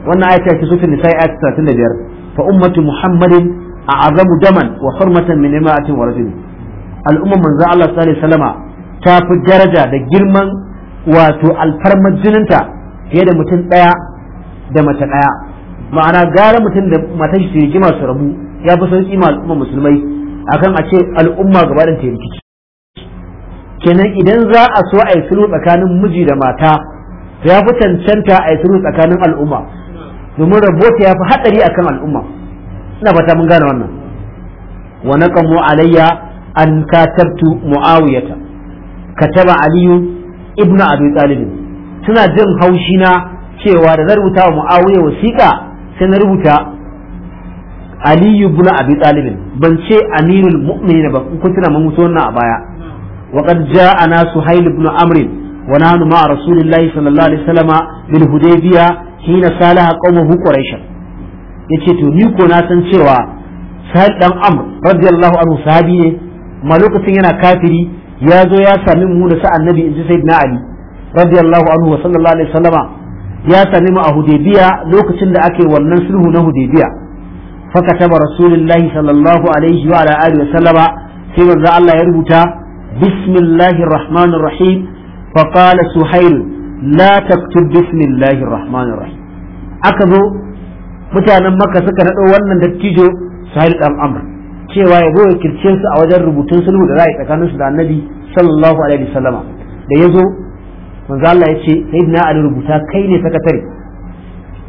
wannan ayata ke sutun nisa ayat 35 fa ummatu muhammadin a'azamu daman wa hurmatan min imra'atin wa rajulin al'umma manzo Allah sallallahu alaihi wasallama ta fi daraja da girman wato alfarmar jininta fiye da mutum ɗaya da mace ɗaya ma'ana gara mutum da matan shi rigima su rabu ya fi sauki ma al'umma musulmai akan a ce al'umma gaba da ta rikici kenan idan za a so a yi sulhu tsakanin miji da mata to ya fi cancanta a yi sulhu tsakanin al'umma domin rabota ya fi haɗari akan al'umma ina fata mun gane wannan wa naqamu alayya an katabtu muawiyata kataba aliyu ibnu abi talib suna jin haushi na cewa da na rubuta wa mu'awiyar wasiƙa sai na rubuta Aliyu ibn Abi talibin ban ce Amirul Mu'minin ba kun tuna mun wannan a baya wa qad ja'ana Suhail ibn Amr wa nanu ma Rasulillahi sallallahu alaihi wasallama bil hudaybiya hina salaha qawmuhu quraish yace to ni ko na san cewa Sahal dan Amr radiyallahu anhu sahabi ne ma lokacin yana kafiri ya zo ya sami mu da sa annabi inji sayyidina Ali radiyallahu anhu wa sallallahu alaihi wasallama ya sami mu a hudaybiya lokacin da ake wannan sulhu na hudaybiya fa kataba rasulullahi sallallahu alaihi wa alihi wasallama sai manzo Allah ya rubuta bismillahir rahmanir rahim fa qala suhail aka zo mutanen makka suka nado wannan dattijo suhail dan cewa ya goya kirce su a wajen rubutun sulhu da za a yi tsakaninsu da annabi sallallahu alaihi wasallama da ya zo manzo Allah ya ce sayyidina Ali rubuta kai ne sakatare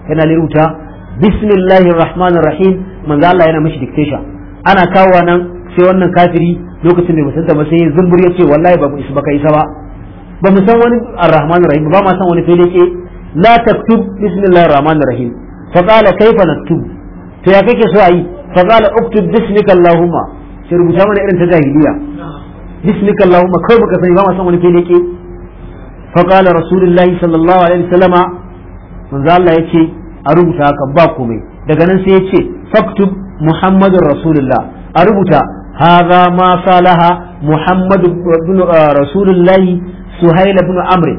yana Ali rubuta bismillahir rahmanir rahim manzo Allah yana mishi dictation ana kawo nan sai wannan kafiri lokacin da musanta ba sai zumbur ya ce wallahi ba mu isa baka isa ba ba mu san wani ar rahim ba ma san wani sai ke. la taktub bismillahir rahmanir rahim fa qala kayfa naktub to ya kake so ayi fa qala uktub bismika allahumma sai rubuta mana irin ta jahiliya bismika allahumma kai baka sani ba ma san wani sai ke. fa qala rasulullahi sallallahu alaihi wasallama manzo Allah yace a rubuta haka ba komai daga nan sai yace faktub muhammadur rasulullah a rubuta hadha ma salaha muhammadu ibn rasulullahi suhail ibn amr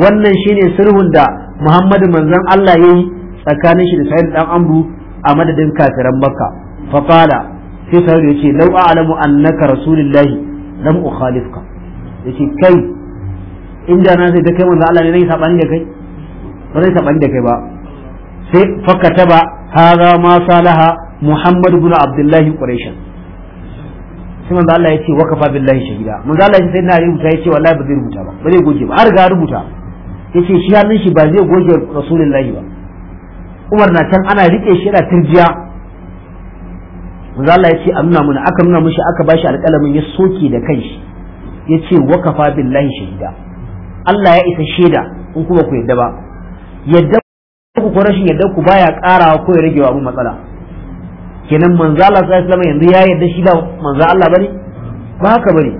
wannan shine sulhun da muhammadu manzon Allah yayi tsakanin shi da suhail dan amru a madadin kafiran makka fa qala sai sahabi ya ce lau a'lamu annaka rasulullahi lam ukhalifka yace kai inda na zai ta kai manzo Allah ne zai sabani da kai ba zai sabani da kai ba sai fakata ba hadha ma salaha Muhammad ibn Abdullah Quraysh sai manzo Allah ya ce wa kafa billahi shahida manzo Allah sai na rubuta ya ce wallahi ba zai rubuta ba ba zai goge ba har ga rubuta yace shi hannun shi ba zai goge rasulullahi ba Umar na can ana rike shi yana turjiya manzo Allah ya ce a nuna mana aka nuna mishi aka bashi alƙalamin ya soke da kanshi ya ce wa kafa billahi shahida Allah ya isa shaida in kuma ku yadda ba yadda ku ko rashin yadda ku baya karawa ko ya rage wa abu matsala kenan manzo Allah sallallahu alaihi yanzu ya yadda shi da manzo Allah bane ba haka bane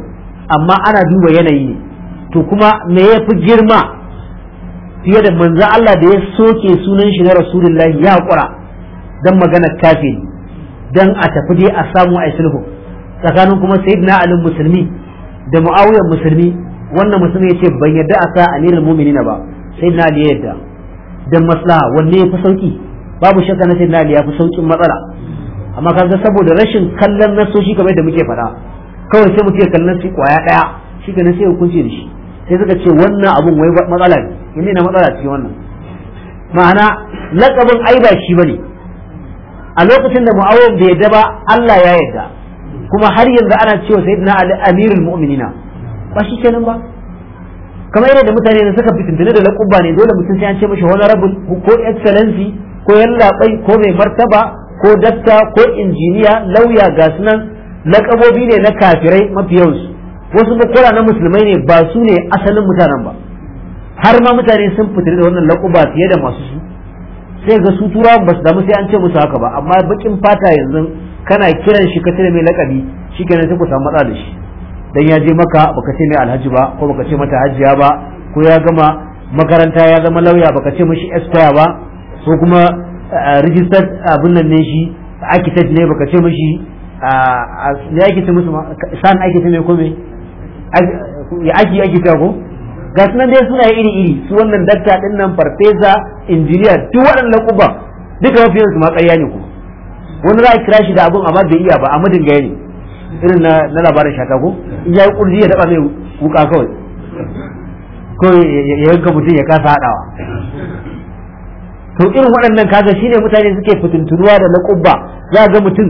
amma ana duba yanayi ne to kuma me yafi girma fiye da manzo Allah da ya soke sunan shi na Rasulullahi ya kura dan magana kafiri dan a tafi dai a samu a tsakanin kuma sayyidina Ali musulmi da Muawiya musulmi wannan mutum ya ce ban yadda a sa amirul mu'minin ba sai na da yadda dan maslaha wanne ya fi sauki babu shakka na sai na ya fi saukin matsala amma kaga saboda rashin kallon nasoshi kamar yadda muke fada kawai sai muke kallon shi kwaya daya shi kenan sai hukunci da shi sai suka ce wannan abun wai matsala ne yanzu na matsala cikin wannan ma'ana lakabin ai ba shi bane a lokacin da mu'awiyah bai yadda ba Allah ya yadda kuma har yanzu ana cewa sayyidina ali amirul mu'minina ba shi kenan ba kamar yadda da mutane da suka fitintune da laƙuba ne dole mutum sai an ce mashi honorable ko excellency ko yallaɓai ko mai martaba ko dakta ko injiniya lauya ga sunan laƙabobi ne na kafirai mafi yawansu wasu bukura na musulmai ne ba su ne asalin mutanen ba har ma mutane sun fitar da wannan laƙuba fiye da masu su sai ga su tura ba su damu sai an ce musu haka ba amma bakin fata yanzu kana kiran shi ka tare mai lakabi kenan sai ku samu matsala da shi dan ya je maka baka ce mai alhaji ba ko baka ce mata hajiya ba ko ya gama makaranta ya zama lauya baka ce mishi esquire ba ko kuma eh, registered abin nan ne shi architect ne baka ce mishi ne eh, ake ce musu san ake ce mai kome ya aki ake ta ko ga sunan dai suna iri iri su wannan dakta din nan farfesa injiniya duk waɗannan kuban duka mafiyansu ma ƙarya ne kuma wani za a kira shi da abun amma bai iya ba amma madin ne irin na labarin shaka ko in ya yi kurji ya daba mai wuka kawai ko ya yanka mutum ya kasa haɗawa to irin waɗannan shi ne mutane suke fitintunuwa da laƙubba za ga mutum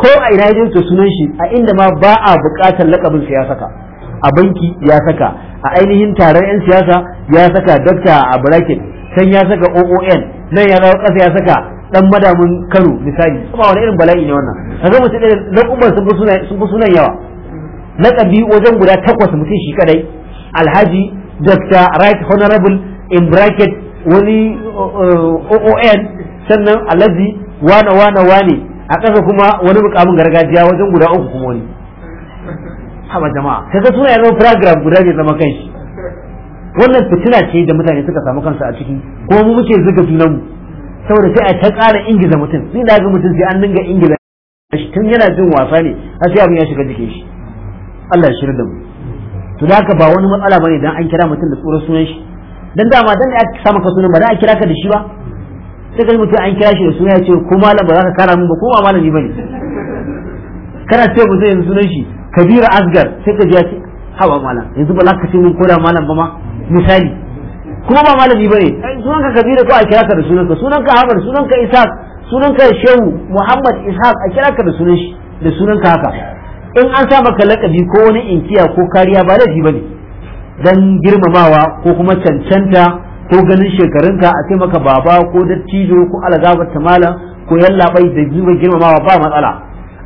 ko a ina yi sunan shi a inda ma ba a buƙatar laƙabin ya saka a banki ya saka a ainihin taron 'yan siyasa ya saka dakta a bracket can ya saka oon nan ya zawo ƙasa ya saka dan madamin Kano misali ba wani irin bala'i ne wannan kaga mutum da laƙuban sun fi sunan sun fi sunan yawa laƙabi wajen guda takwas mutum shi kadai alhaji dr right honorable in bracket wani uh, uh, oon sannan alhaji wane wane wane a ƙasa kuma wani mukamin gargajiya wajen guda uku kuma wani haba jama'a kaga suna ya program guda ne zama kanshi wannan fitina ce da mutane suka samu kansu a ciki kuma mu muke zuga junanmu saboda sai a ta ƙara ingiza mutum ni da ga mutum sai an dinga ingiza shi tun yana jin wasa ne har sai abin ya shiga jikin shi Allah ya shirya mu to da haka ba wani matsala bane dan an kira mutum da tsoron sunan shi dan dama dan da aka samu ka sunan ba da a kira ka da shi ba sai kai mutum an kira shi da suna ya ce ko malam ba za ka kara min ba ko ba malami bane kana ce mutum yanzu sunan shi kabira asgar sai ka ji ya ce hawa malam yanzu ba za ka ce min koda malam ba ma misali kuma ba malami bane sunan ka kabira ko a kira ka da sunan ka sunan ka ahmad sunan ka ishaq sunan ka shehu muhammad ishaq a kira ka da sunan shi da sunan ka haka in an sa maka lakabi ko wani inkiya ko kariya ba laifi bane dan girmamawa ko kuma cancanta ko ganin shekarunka a kai maka baba ko dattijo ko ta mala ko yallabai da zuwa girmamawa ba matsala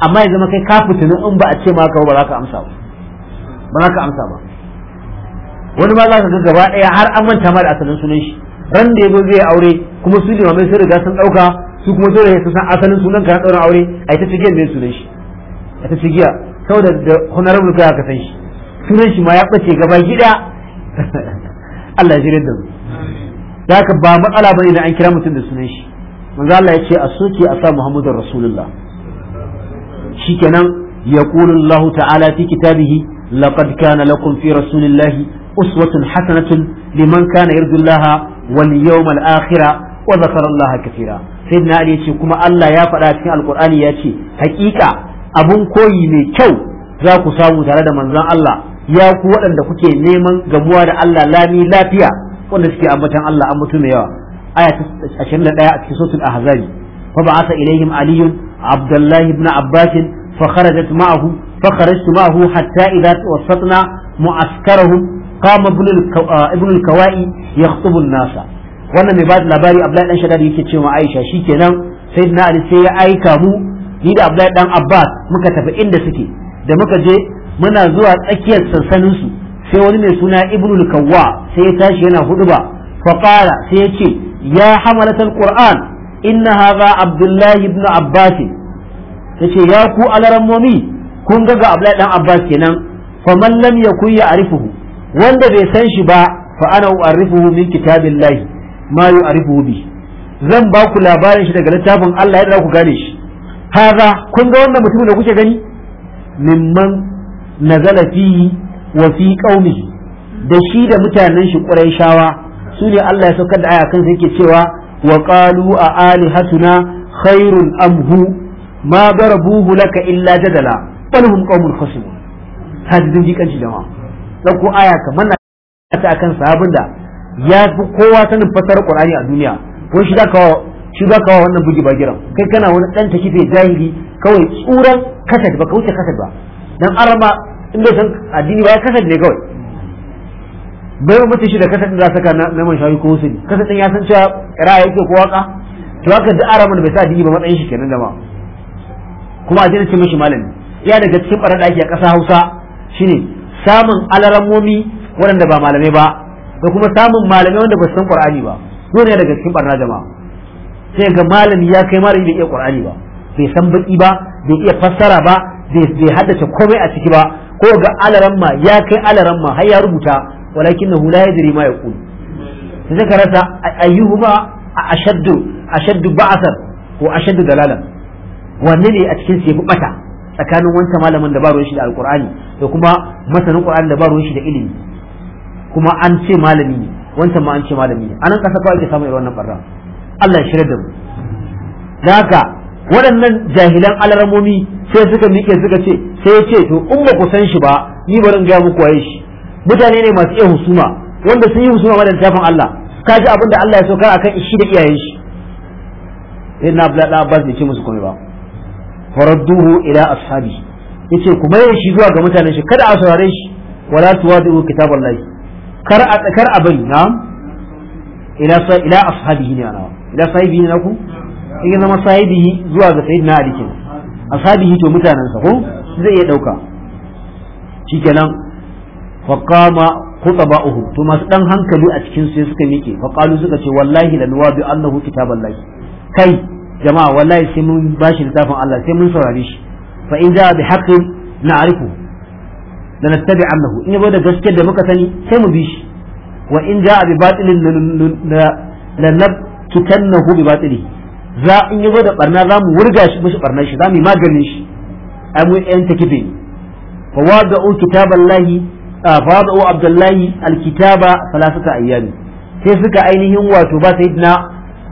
amma ya zama kai ka fitinin in ba a ce maka ba za ka amsa ba ba za ka amsa ba wani ma za ka ga gaba ɗaya har an manta ma da asalin sunan shi ran da ya yazo zai aure kuma su limamai sun riga sun ɗauka su kuma dole su san asalin sunan ka ɗaurin aure a ita cigiyar mai sunan shi a ita cigiya saboda da honorable kai aka san shi sunan shi ma ya ɓace gaba gida Allah ya jire da mu da haka ba matsala bane da an kira mutum da sunan shi manzo Allah ya ce a soke a sa Muhammadu Rasulullah shikenan yaqulu Allah ta'ala fi kitabihi laqad kana lakum fi rasulillahi uswatun hasanatun liman kana yarjullaha wal yawmal akhirah wa zakara Allah kathira sayyidina ali yace kuma Allah ya faɗa cikin ya ce haƙiƙa abun koyi mai kyau za ku samu tare da manzon Allah ya ku waɗanda kuke neman gamuwa da Allah lami lafiya wanda suke ambatan Allah an mutu yawa aya 21 a cikin suratul ahzabi fa ba'atha ilaihim aliyun abdullahi ibn abbas fa kharajat ma'ahu fa kharajtu ma'ahu hatta idza wasatna mu'askarahu kama ibn al-kawai yakhutubu wannan mai bada labari Abdullahi dan Shaddad yake cewa Aisha shikenan na Ali sai ya aika mu ni da Abdullahi dan Abbas muka tafi inda suke da muka je muna zuwa tsakiyar sansanin su sai wani mai suna ibn al-kawwa sai ya tashi yana huduba fa qala sai ya ce ya qur'an inna hadha Abdullahi ibn Abbas yace ya ku alarammomi kun ga ga Abdullahi dan Abbas kenan faman lam yakun ya'rifuhu wanda bai san shi ba fa ana u'arifuhu min kitabillahi ma yu'arifuhu bi zan ba ku labarin shi daga littafin Allah yadda ku gane shi haza kun ga wannan mutumin da kuke gani mimman nazala fihi wa fi qaumihi da shi da mutanen shi quraishawa su ne Allah ya saukar da aya kan sai yake cewa wa qalu a alihatuna khairun amhu ma darabuhu laka illa jadala bal qaumun khasimun hadin jikan jama'a ɗauko aya kamar na ta akan sahabin da ya fi kowa sanin fasar qur'ani a duniya ko shi za shi wannan bugi bagiran kai kana wani dan takife jahili kawai tsuran kasad ba kawai wuce kasad ba dan arama inda san addini ba ya kasad ne kawai bai mutu shi da kasad da saka na man shayi ko husuli kasad din ya san cewa ra'ayi yake ko waka to haka da arama da bai sa addini ba matsayin shi kenan da ma kuma addini ce mishi malami iya daga cikin barada a ƙasa Hausa shine samun alaramomi waɗanda ba malamai ba da kuma samun malamai wanda ba su san qur'ani ba dole daga cikin barna jama sai ga malami ya kai malami bai iya qur'ani ba bai san baki ba bai iya fassara ba bai haddace komai a ciki ba ko ga alaramma ya kai alaramma har ya rubuta walakin nahu la yadri ma yaqul sai zaka rasa ayyuhuma ashaddu ashaddu ba'asan ko ashaddu dalala wanne ne a cikin su sai bata tsakanin wancan malamin da ba ruwan shi da alkur'ani da kuma masanin qur'ani da ba ruwan shi da ilimi kuma an ce malami ne wancan ma an ce malami ne anan kasa kawai ake samu irin wannan barra Allah ya shirya da mu da haka waɗannan jahilan alarmomi sai suka mike suka ce sai ya ce to in ba ku san shi ba ni barin gaya muku waye shi mutane ne masu iya husuma wanda sun yi husuma madan tafin Allah ka ji abin da Allah ya so kar akan shi da iyayen shi sai na Abdullahi Abbas bai ce musu komai ba faradduhu ila ashabi yace ku mai shi zuwa ga mutanen shi kada a saurare shi wala tuwadu kitaballahi kar a kar a bari na ila ila ashabihi ne ana ila sahibihi ne ku in zama sahibihi zuwa ga sayyidina ali kenan ashabihi to mutanen sa ko zai iya dauka shikenan faqama khutaba'uhum to masu dan hankali a cikin sai suka mike fa qalu suka ce wallahi la nuwadu annahu kitaballahi kai jama'a wallahi sai mun bashi littafin Allah sai mun saurare shi fa in ja bi haqqin na'rifu la annahu in yabo da gaskiyar da muka sani sai mu bi shi wa in ja bi batilin la nabtukannahu bi batili za in yabo da barna za mu wurga shi mishi barnar shi za mu maganin shi ai mu yan takife ne fa wada'u kitaballahi fa wada'u abdullahi alkitaba salasata ayyami sai suka ainihin wato ba sayyidina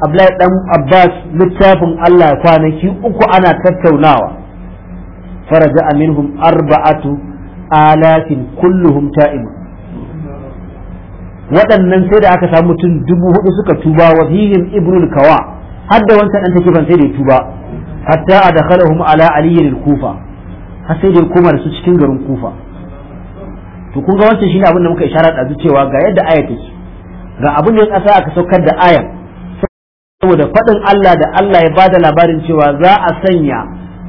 Abdullahi dan Abbas littafin Allah kwanaki uku ana tattaunawa faraja aminhum arba'atu alatin kulluhum ta'imun waɗannan sai da aka samu mutum dubu hudu suka tuba wa fihim ibnul kawa har da wancan dan take ban sai da tuba hatta adkhalahum ala aliyyin al-kufa har sai da kuma su cikin garin kufa to kun ga wancan shine abin da muka isharar da cewa ga yadda aya ga abin da ya kasa aka saukar da ayan saboda faɗin Allah da Allah ya bada labarin cewa za a sanya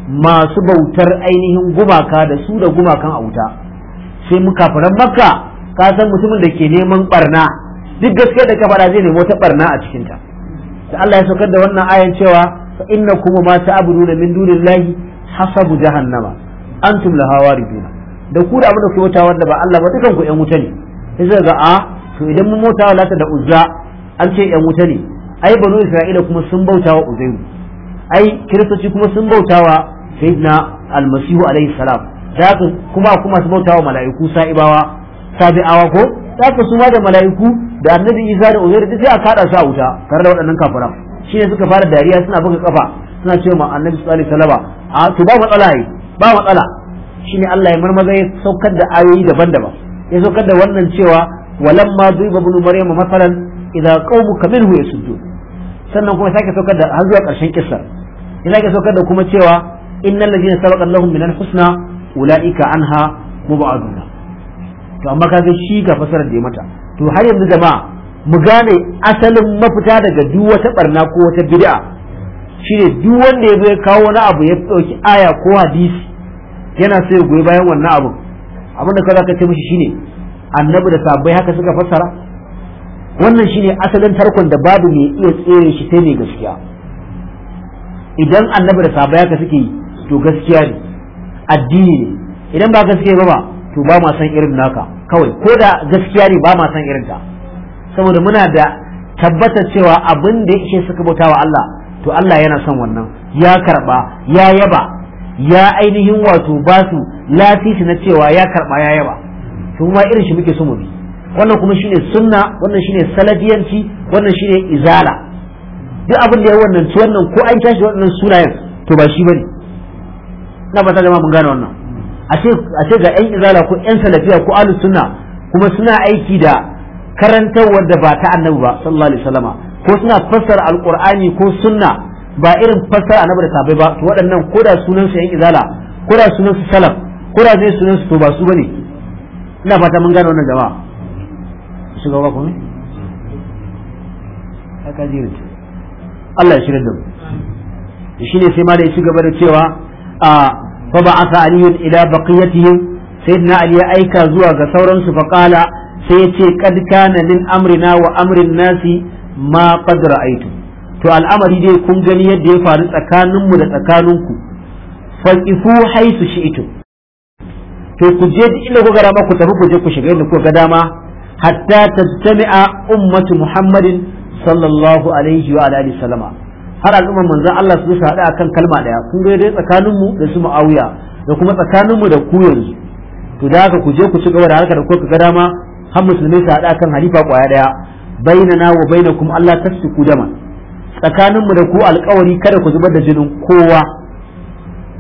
masu bautar ainihin gumaka da su da gumakan a wuta sai muka fara makka ka san mutumin da ke neman barna duk gaske da ka zai nemo ta barna a cikinta da Allah ya saukar da wannan ayan cewa fa innakum ma ta'buduna min dunillahi hasabu jahannama antum laha wariduna da ku da abin da ku wata wanda ba Allah ba dukan ku ƴan wuta ne sai ga a ah, to idan mun mota lata da uzza an ce ƴan wuta ne ai banu isra'ila kuma sun bauta wa uzairu ai kiristoci kuma sun bauta wa sayyidina almasihu alaihi salam da kuma kuma su wa mala'iku sa'ibawa sabi'awa ko da su ma da mala'iku da annabi isa da uzairu duk sai a kada su a wuta tare da waɗannan kafiran shine suka fara dariya suna buga kafa suna cewa annabi sallallahu alaihi salama a to ba matsala yi ba matsala shine Allah ya marmaza ya saukar da ayoyi daban-daban ya saukar da wannan cewa walamma duba ibn maryama masalan idza qaumuka minhu yasuddun sannan kuma sake saukar da har zuwa ƙarshen kissar ya sake saukar da kuma cewa innal ladina sabaqa lahum minal husna ulaika anha mubaduna to amma kaga shi ga fasarar da ya mata to har yanzu jama'a mu gane asalin mafita daga duk wata barna ko wata bid'a shine duk wanda ya zo ya kawo wani abu ya dauki aya ko hadisi yana sai ya goyi bayan wannan abu abin da kaza ka ce mishi shine annabi da sabbai haka suka fassara wannan shine asalin tarkon da babu mai iya tsere shi sai mai gaskiya idan annabi da sahabbai yaka suke yi to gaskiya ne addini ne idan ba gaskiya ba ba to ba ma san irin naka kawai ko da gaskiya ne ba ma san irin ta saboda muna da tabbatar cewa abin da yake suka bauta wa Allah to Allah yana son wannan ya karba ya yaba ya ainihin wato ba su lasisi na cewa ya karba ya yaba to ma irin shi muke so mu bi wannan kuma shine sunna wannan shine salafiyanci wannan shine izala duk abin da ya wannan ci wannan ko an kashi wannan sunayen to ba shi bane na ba ta jama'a mun gane wannan a ce ga yan izala ko yan salafiya ko ahlus sunna kuma suna aiki da karantarwar da ba ta annabi ba sallallahu alaihi wasallama ko suna fassara alqur'ani ko sunna ba irin fassara annabi da sabai ba to waɗannan ko da sunan su yan izala ko da sunan su salaf ko da sunan su to ba su bane ina fata mun gane wannan jama'a shiga ba kuma Allah ya shirin da mu shi ne sai ma da ya ci gaba da cewa a fa ba asa aliyun ila baqiyatihim sayyidina ali ya aika zuwa ga sauransu su sai ya ce kad kana amrina wa amrin nasi ma qad ra'aytu to al'amari dai kun gani yadda ya faru tsakaninmu da tsakaninku faqifu haisu shi'tu to ku je duk inda kuka ku tafi ku je ku shiga inda kuka ga dama hatta tattabi'a ummatu muhammadin sallallahu alaihi wa alihi har al'umma manzon Allah su sada akan kalma daya kun ga dai tsakanin mu da su Muawiya da kuma tsakanin mu da ku yanzu to da ka ku je ku ci gaba da harkar ko ka ga dama har musulmai su haɗu akan halifa kwaya daya bainana wa kuma Allah ku dama tsakanin mu da ku alƙawari kada ku zubar da jinin kowa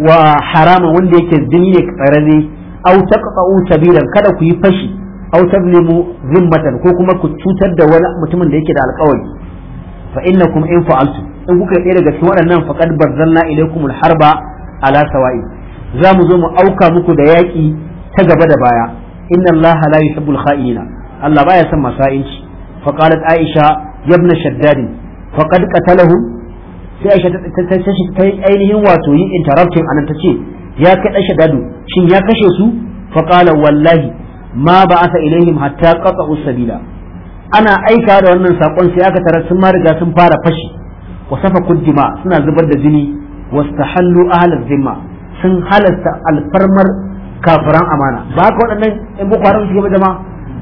wa harama wanda yake jini ne tsararre au taqta'u sabilan kada ku yi fashi aw tazlimu zimmatan ko kuma ku cutar da wani mutumin da yake da alƙawari fa innakum in fa'altu in kuka yi daga cikin waɗannan faqad ilai ilaykumul harba ala sawa'i za mu zo mu auka muku da yaƙi ta gaba da baya inna allaha la yuhibbul kha'ina Allah baya son masu ha'inci fa qalat aisha yabna shaddad faqad qatalahum sai aisha ta ainihin wato yin interrupting anan ta ce ya kai dan shaddadu shin ya kashe su fa wallahi ma ba'atha ilaihim hatta qata'u sabila ana aika da wannan sakon sai aka tarar sun ma riga sun fara fashi wa safa kuddima suna zubar da jini wastahallu ahlaz zimma sun halasta alfarmar kafiran amana ba ka waɗannan in boko haram suke jama'a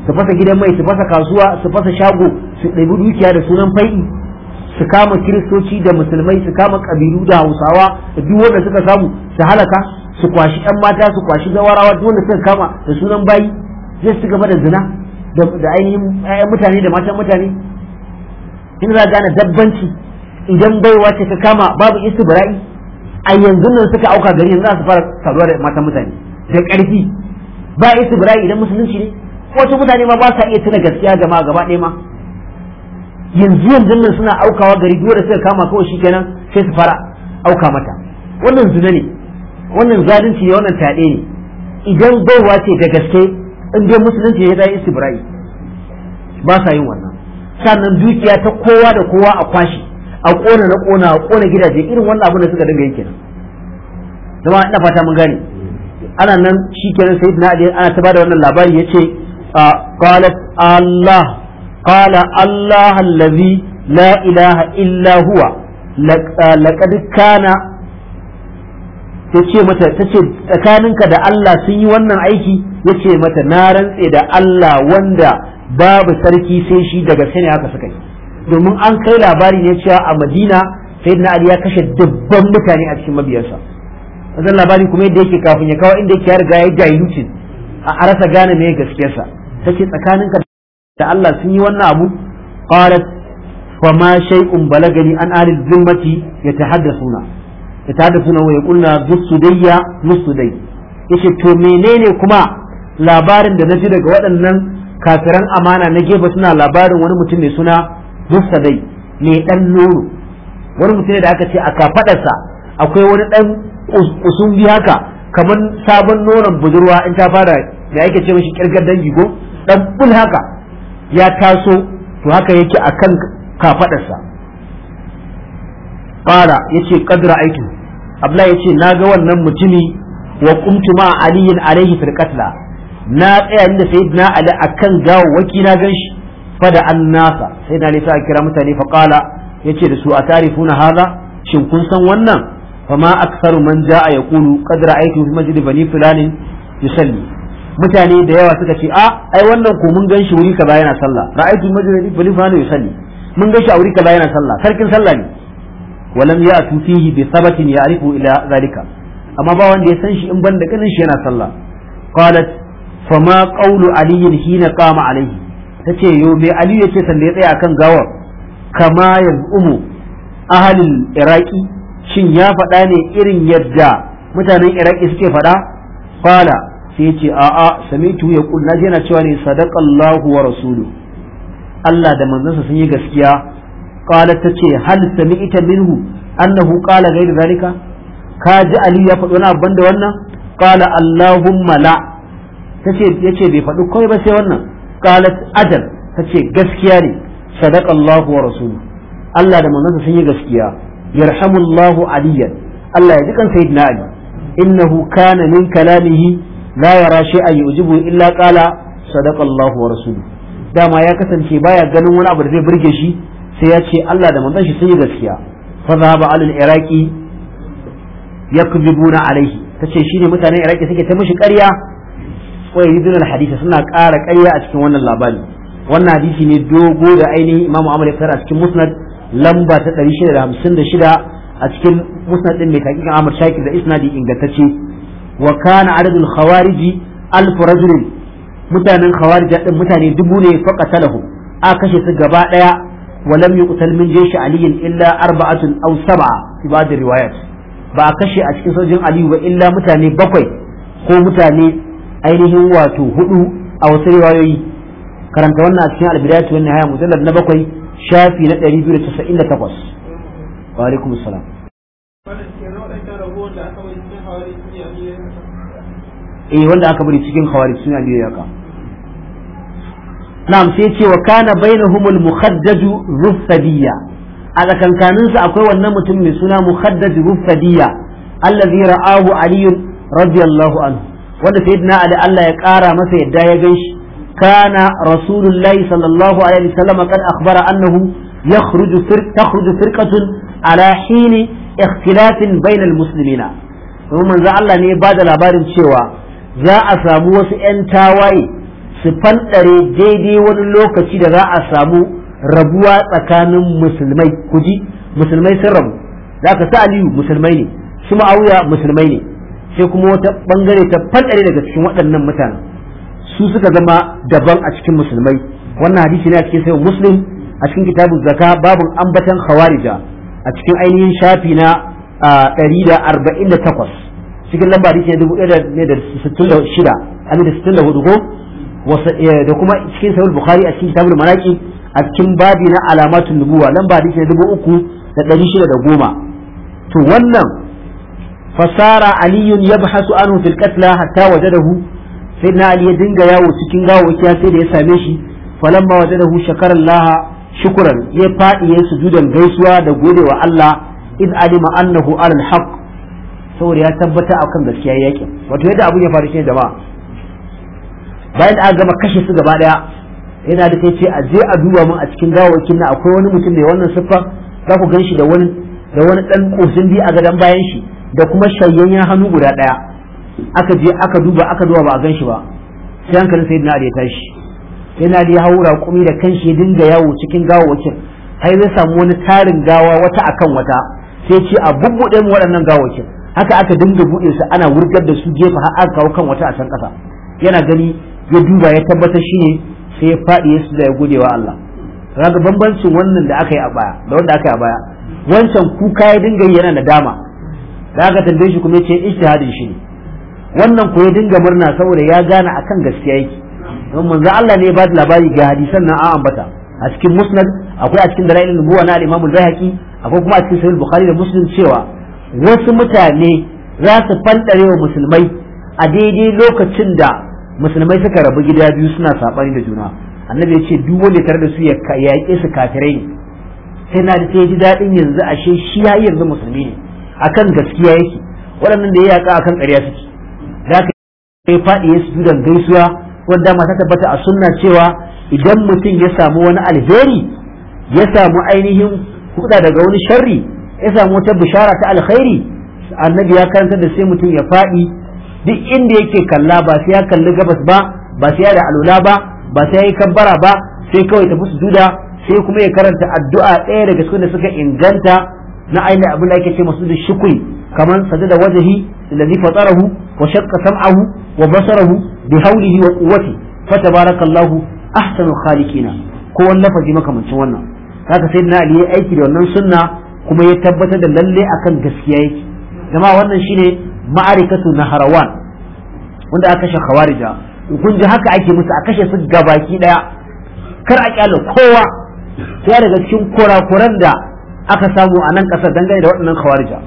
su fasa gidan mai su fasa kasuwa su fasa shago su ɗabi dukiya da sunan fai'i su kama kiristoci da musulmai su kama kabilu da hausawa da duk wanda suka samu su halaka su kwashi yan mata su kwashi gawarawa duk wanda suka kama da sunan bayi zai su gaba da zina da ainihin ayan mutane da matan mutane in za gane dabbanci idan baiwa ce ka kama babu istibra'i a yanzu nan suka auka gari yanzu za su fara saduwa da matan mutane da ƙarfi ba istibra'i idan musulunci ne wasu mutane ma ba sa iya tuna gaskiya jama'a gaba ɗaya ma yanzu yanzu nan suna aukawa gari dole suka kama kawai shi kenan sai su fara auka mata wannan zina ne wannan zalunci ne wannan fyaɗe ne idan baiwa ce da gaske in dai musulunci ya zai istibra'i ba sa yin wannan sannan dukiya ta kowa da kowa a kwashi a kona na kona a kona gidaje irin wannan abin da suka dinga yin kenan zama ina fata mun gani. ana nan shikenan sai na ali ana ta bada wannan labari yace qalat allah qala allah allazi la ilaha illa huwa laqad kana ta ce mata ta ce tsakaninka da Allah sun yi wannan aiki ya ce mata na rantse da Allah wanda babu sarki sai shi daga sai ne haka suka yi domin an kai labari ne cewa a Madina sai Ali ya kashe dubban mutane a cikin mabiyansa wannan labari kuma yadda yake kafin ya kawo inda yake ya riga ya gayyaci a arasa gane me gaskiyarsa take tsakaninka da Allah sun yi wannan abu qalat fa ma shay'un balagani an ta dhimmati suna. da ta da suna wai kulna busudayya musudai yace to menene kuma labarin da na naji daga waɗannan kafiran amana na gefe suna labarin wani mutum mai suna musadai mai dan nuru wani mutum ne da aka ce a kafadarsa akwai wani dan usumbi haka kamar sabon nonon budurwa in ta fara da ake ce mishi kirgar dangi ko dan bul haka ya taso to haka yake akan kafadarsa ya ce qad ra'aytu abdullahi ce na ga wannan mutumi wa qumtu ma aliyin alaihi fil na tsaya inda sayyidina ali a akan gawawwaki na ganshi fada nasa sai na a kira mutane fa ya ce da su a tarifuna hadha shin kun san wannan fama aksaru man ja a jaa yaqulu qad ra'aytu fi majlis bani fulanin yusalli mutane da yawa suka ce a ai wannan ko mun ganshi wuri kaza yana sallah ra'aytu majlis bani fulanin yusalli mun ganshi a wuri kaza yana sallah sarkin sallah ne walam ya'tu fihi bi sabatin ya'rifu ila zalika amma ba wanda ya san shi in ban da kanin shi yana sallah qalat fama qawlu ali hina qama alayhi tace yo Aliyu ya ce sanda ya tsaya akan gawar kama yaz'umu ahlul iraqi shin ya faɗa ne irin yadda mutanen iraki suke faɗa Fala sai yace a'a samitu ya kullu yana cewa ne sadaqallahu wa rasuluhu Allah da manzansa sun yi gaskiya qalat tace hal sami'ta minhu annahu qala ghayr zalika ka ji ali ya faɗi wani abban wannan qala allahumma la tace yace bai faɗi kawai ba sai wannan qalat ajal tace gaskiya ne sadaqa allah wa rasuluhu Allah da manzansa sun yi gaskiya yarhamullahu aliyan Allah ya ji kan sayyidina ali innahu kana min kalamihi la yara shay'an yujibu illa kala. sadaqa allah wa rasuluhu dama ya kasance baya ganin wani abu da zai burge shi sai ya ce Allah da manzon shi sun yi gaskiya fa zaba alal iraqi yakdhibuna alaihi tace shine mutanen iraqi suke ta mishi ƙarya wa yuridun al suna ƙara ƙarya a cikin wannan labari wannan hadisi ne dogo da ainihin imamu amal ya a cikin musnad lamba ta 656 a cikin musnad din mai takikin Ahmad Shakir da isnadi ingantacce wa kana adadul khawariji alf rajul mutanen khawarij din mutane dubu ne faqatalahu a kashe su gaba daya ولم يقتل من جيش علي إلا أربعة أو سبعة في بعض الروايات a kashe a cikin sojin Aliyu ba illa mutane bakwai ko mutane ainihin wato hudu a wasu riwayoyi karanta wannan a cikin albidayatu wannan haya mujallar na bakwai shafi na 298 wa alaikum salam eh wanda aka bari cikin khawarij suna Aliyu ya na'am sai ce wa kana bainahumul muhaddaju ruffadiyya a tsakankanin su akwai wannan mutum mai suna muhaddaju ruffadiyya allazi ra'ahu ali radiyallahu anhu wanda sayyidina ali Allah ya kara masa yadda ya ganshi kana rasulullahi sallallahu alaihi wasallam kad akhbara annahu yakhruju firq takhruju firqatun ala hini ikhtilafin bainal musulmina domin manzo Allah ne ya bada labarin cewa za a samu wasu 'yan tawaye su fandare daidai wani lokaci da za a samu rabuwa tsakanin musulmai kuji musulmai sun rabu za ka sa aliyu musulmai ne su ma'auya musulmai ne sai kuma wata bangare ta fandare daga cikin waɗannan mutanen su suka zama daban a cikin musulmai wannan hadisi ne a cikin sayin muslim a cikin kitabun zaka babun ambatan khawarija a cikin ainihin shafi na ɗari da da arba'in takwas cikin lamba hadisi ne da sittin 1664 ko Eh, da kuma cikin sahih bukhari a cikin kitabul manaqi a cikin babi na alamatun nubuwa lamba hadisi na dubu uku da ɗari shida da goma to wannan fasara aliyun ya bahasu anhu fil qatla hatta wajadahu sai na ali ya dinga yawo cikin gawawaki sai da ya same shi falamma wajadahu shakara laha shukran ya faɗi ya sujudan gaisuwa da godewa Allah id alima annahu alal haqq saboda ya tabbata akan gaskiya yake wato yadda abun ya faru shi jama'a bayan da aka gama kashe su gaba daya yana da ce a je a duba mun a cikin gawawakin na akwai wani mutum mai wannan siffa za ku ganshi da wani da wani dan kosin bi a gadan bayan shi da kuma shayayyen hannu guda daya aka je aka duba aka duba ba a ganshi ba sai hankalin sayyidina da ya tashi yana da ya haura kumi da kanshi ya dinga yawo cikin gawawakin har zai samu wani tarin gawa wata akan wata sai ce a bubbuɗe mu waɗannan gawawakin haka aka dinga buɗe su ana wurgar da su jefa har aka kawo kan wata a can ƙasa yana gani ya duba ya tabbatar shi ne sai ya faɗi ya sujuda ya gode wa Allah raga bambancin wannan da aka yi a baya da wanda aka yi a baya wancan kuka ya dinga yana nadama da aka tambaye shi kuma ya ce ijtihadin shi ne wannan ko ya dinga murna saboda ya gane akan gaskiya yake don manzo Allah ne ya ba labari ga hadisan nan a ambata a cikin musnad akwai a cikin dalailin nubuwa na al-Imam al akwai kuma a cikin sahih Bukhari da Muslim cewa wasu mutane za su fandare wa musulmai a daidai lokacin da musulmai suka rabu gida biyu suna saɓani da juna annabi ya ce duk wanda tare da su ya yaƙe su kafirai sai na da ji daɗin yanzu ashe shi ya yanzu musulmi ne akan gaskiya yake waɗannan da ya yaƙa akan ƙarya suke Za ka yi faɗi ya su gaisuwa wanda ma ta tabbata a sunna cewa idan mutum ya samu wani alheri ya samu ainihin kuɗa daga wani sharri ya samu wata bishara ta alkhairi annabi ya karanta da sai mutum ya faɗi duk inda yake kalla ba sai ya kalli gabas ba ba sai ya da alula ba ba sai ya yi kabbara ba sai kawai tafi su duda sai kuma ya karanta addu'a ɗaya daga cikin da suka inganta na ainihin abin da ake ce masu da shukri kamar da wajahi alladhi fatarahu wa shaqqa sam'ahu wa basarahu bi haulihi wa quwwati fa tabarakallahu ahsanu khaliqina ko wani lafazi makamancin wannan haka sai na ali ya aiki da wannan sunna kuma ya tabbatar da lalle akan gaskiya yake jama'a wannan shine ma'arikatu naharawan wanda aka kashe khawarija kun ji haka ake musu a kashe su gabaki daya kar a kyale kowa ya daga cikin kurakuran da aka samu a nan kasar dangane da waɗannan khawarija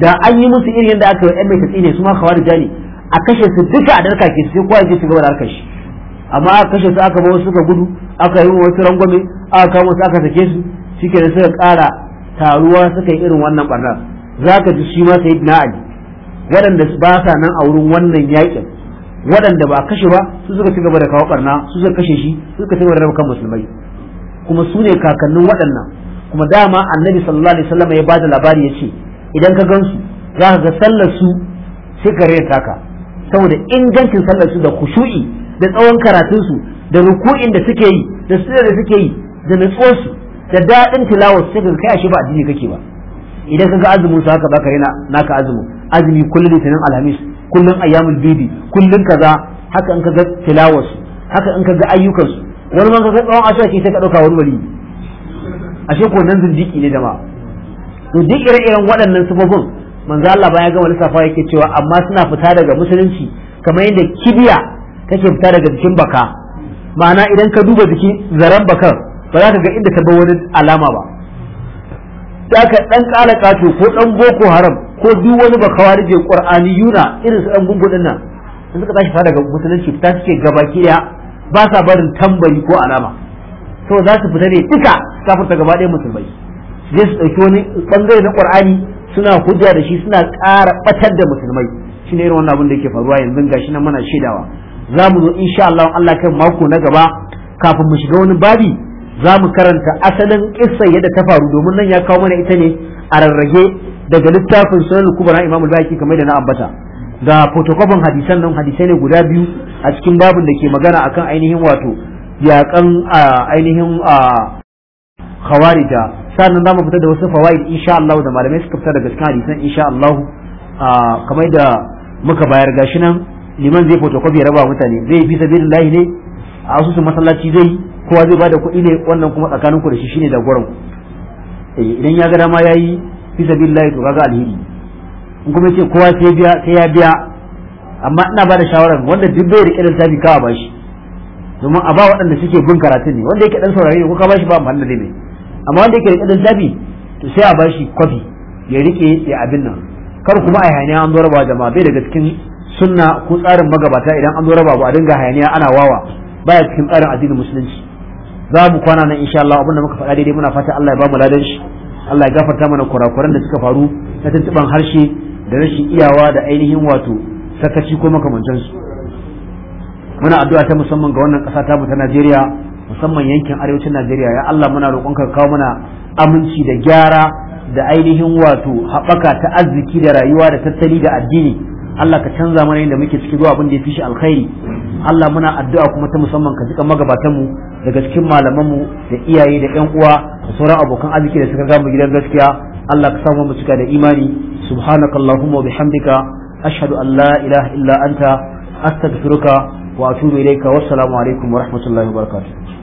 da an yi musu irin yadda aka yi yan mai ne su ma khawarija ne a kashe su duka a darka ke sai kowa ya ci gaba da harkar shi amma aka kashe su aka ba wasu suka gudu aka yi wasu rangwame aka kama su aka sake su shikenan suka kara taruwa suka yi irin wannan barnar zaka ji shi ma na ali waɗanda ba sa nan a wurin wannan yaƙin, waɗanda ba a kashe ba su suka ci gaba da kawo barna su suka kashe shi su suka ci gaba da raba kan musulmai kuma su ne kakannin waɗannan kuma dama annabi sallallahu alaihi wasallam ya bada labari ya ce idan ka gansu za ka ga sallar su sai ka rera taka saboda ingancin sallar su da kushu'i da tsawon karatun su da ruku'in da suke yi da sura da suke yi da nutsuwar su da daɗin tilawar su sai ka kai ashe ba addini kake ba idan ka ga azumin su haka baka rena naka azumin azumi kullum litinin alhamis kullum ayyamul bidi kullum kaza haka in ka ga tilawarsu haka in ka ga ayyukansu wani man ka ga tsawon asuwa sai ka ɗauka wani wali ashe ko nan zindiki ne ma? to duk ire-iren waɗannan sifofin manzo Allah bayan gama lissafa yake cewa amma suna fita daga musulunci kamar yadda kibiya take fita daga jikin baka ma'ana idan ka duba jikin zaren bakar ba za ka ga inda ta bar wani alama ba da ka dan kala kato ko dan boko haram ko duk wani ba kawarije yuna irin su dan gungun nan sun suka tashi fa daga musulunci ta suke gabaki daya ba sa barin tambayi ko alama to za su fita ne duka ta gaba ɗaya musulmai zai su ɗauki wani bangare na qur'ani suna hujja da shi suna ƙara batar da musulmai shine irin wannan abin da ke faruwa yanzu shi nan muna shaidawa za mu zo insha Allah Allah kan mako na gaba kafin mu shiga wani babi za mu karanta asalin kissa yadda ta faru domin nan ya kawo mana ita ne a rarrage daga littafin sunan kubra imamu baki kamar da na ambata ga fotokofin hadisan nan hadisai ne guda biyu a cikin babin da ke magana akan ainihin wato yakan ainihin khawarija sannan za mu fitar da wasu fawaid insha Allah da malamai suka fitar da cikin hadisan insha Allah kamar da muka bayar gashi nan liman zai fotokofi ya raba mutane zai bi sabilillahi ne a asusun masallaci zai kowa zai bada kuɗi ne wannan kuma tsakaninku da shi shine jagoran ku eh, idan ya ga dama yayi fi sabilillahi to kaga alheri in kuma yace kowa sai biya sai ya biya amma ina bada shawara wanda duk bai rike da tafi kawa bashi domin a ba waɗanda suke bin karatu ne wanda yake dan saurare ko ka bashi ba amfani da ne amma wanda yake rike da tafi to sai a bashi kwafi ya rike ya abin nan kar kuma a hayaniya an zo raba jama'a bai daga cikin sunna ko tsarin magabata idan an zo raba ba a dinga hayaniya ana wawa baya cikin tsarin addinin musulunci za mu kwana nan insha Allah abinda muka faɗa daidai muna fata Allah ya ba mu ladan shi Allah ya gafarta mana kurakuran da suka faru na tuntuban harshe da rashin iyawa da ainihin wato sakaci ko makamantan su muna addu'a ta musamman ga wannan ƙasa ta mu ta Najeriya musamman yankin arewacin Najeriya ya Allah muna roƙon ka kawo mana aminci da gyara da ainihin wato haɓaka ta arziki da rayuwa da tattali da addini Allah ka canza mana yadda muke ciki zuwa abin da ya fi shi alkhairi Allah muna addu'a kuma ta musamman ka jika magabatan mu daga cikin malaman mu da iyaye da ƴan uwa da sauran abokan arziki da suka gamu gidan gaskiya Allah ka samu mu cika da imani subhanakallahumma wa bihamdika ashhadu an la ilaha illa anta astaghfiruka wa atubu ilayka wassalamu alaikum wa rahmatullahi wa barakatuh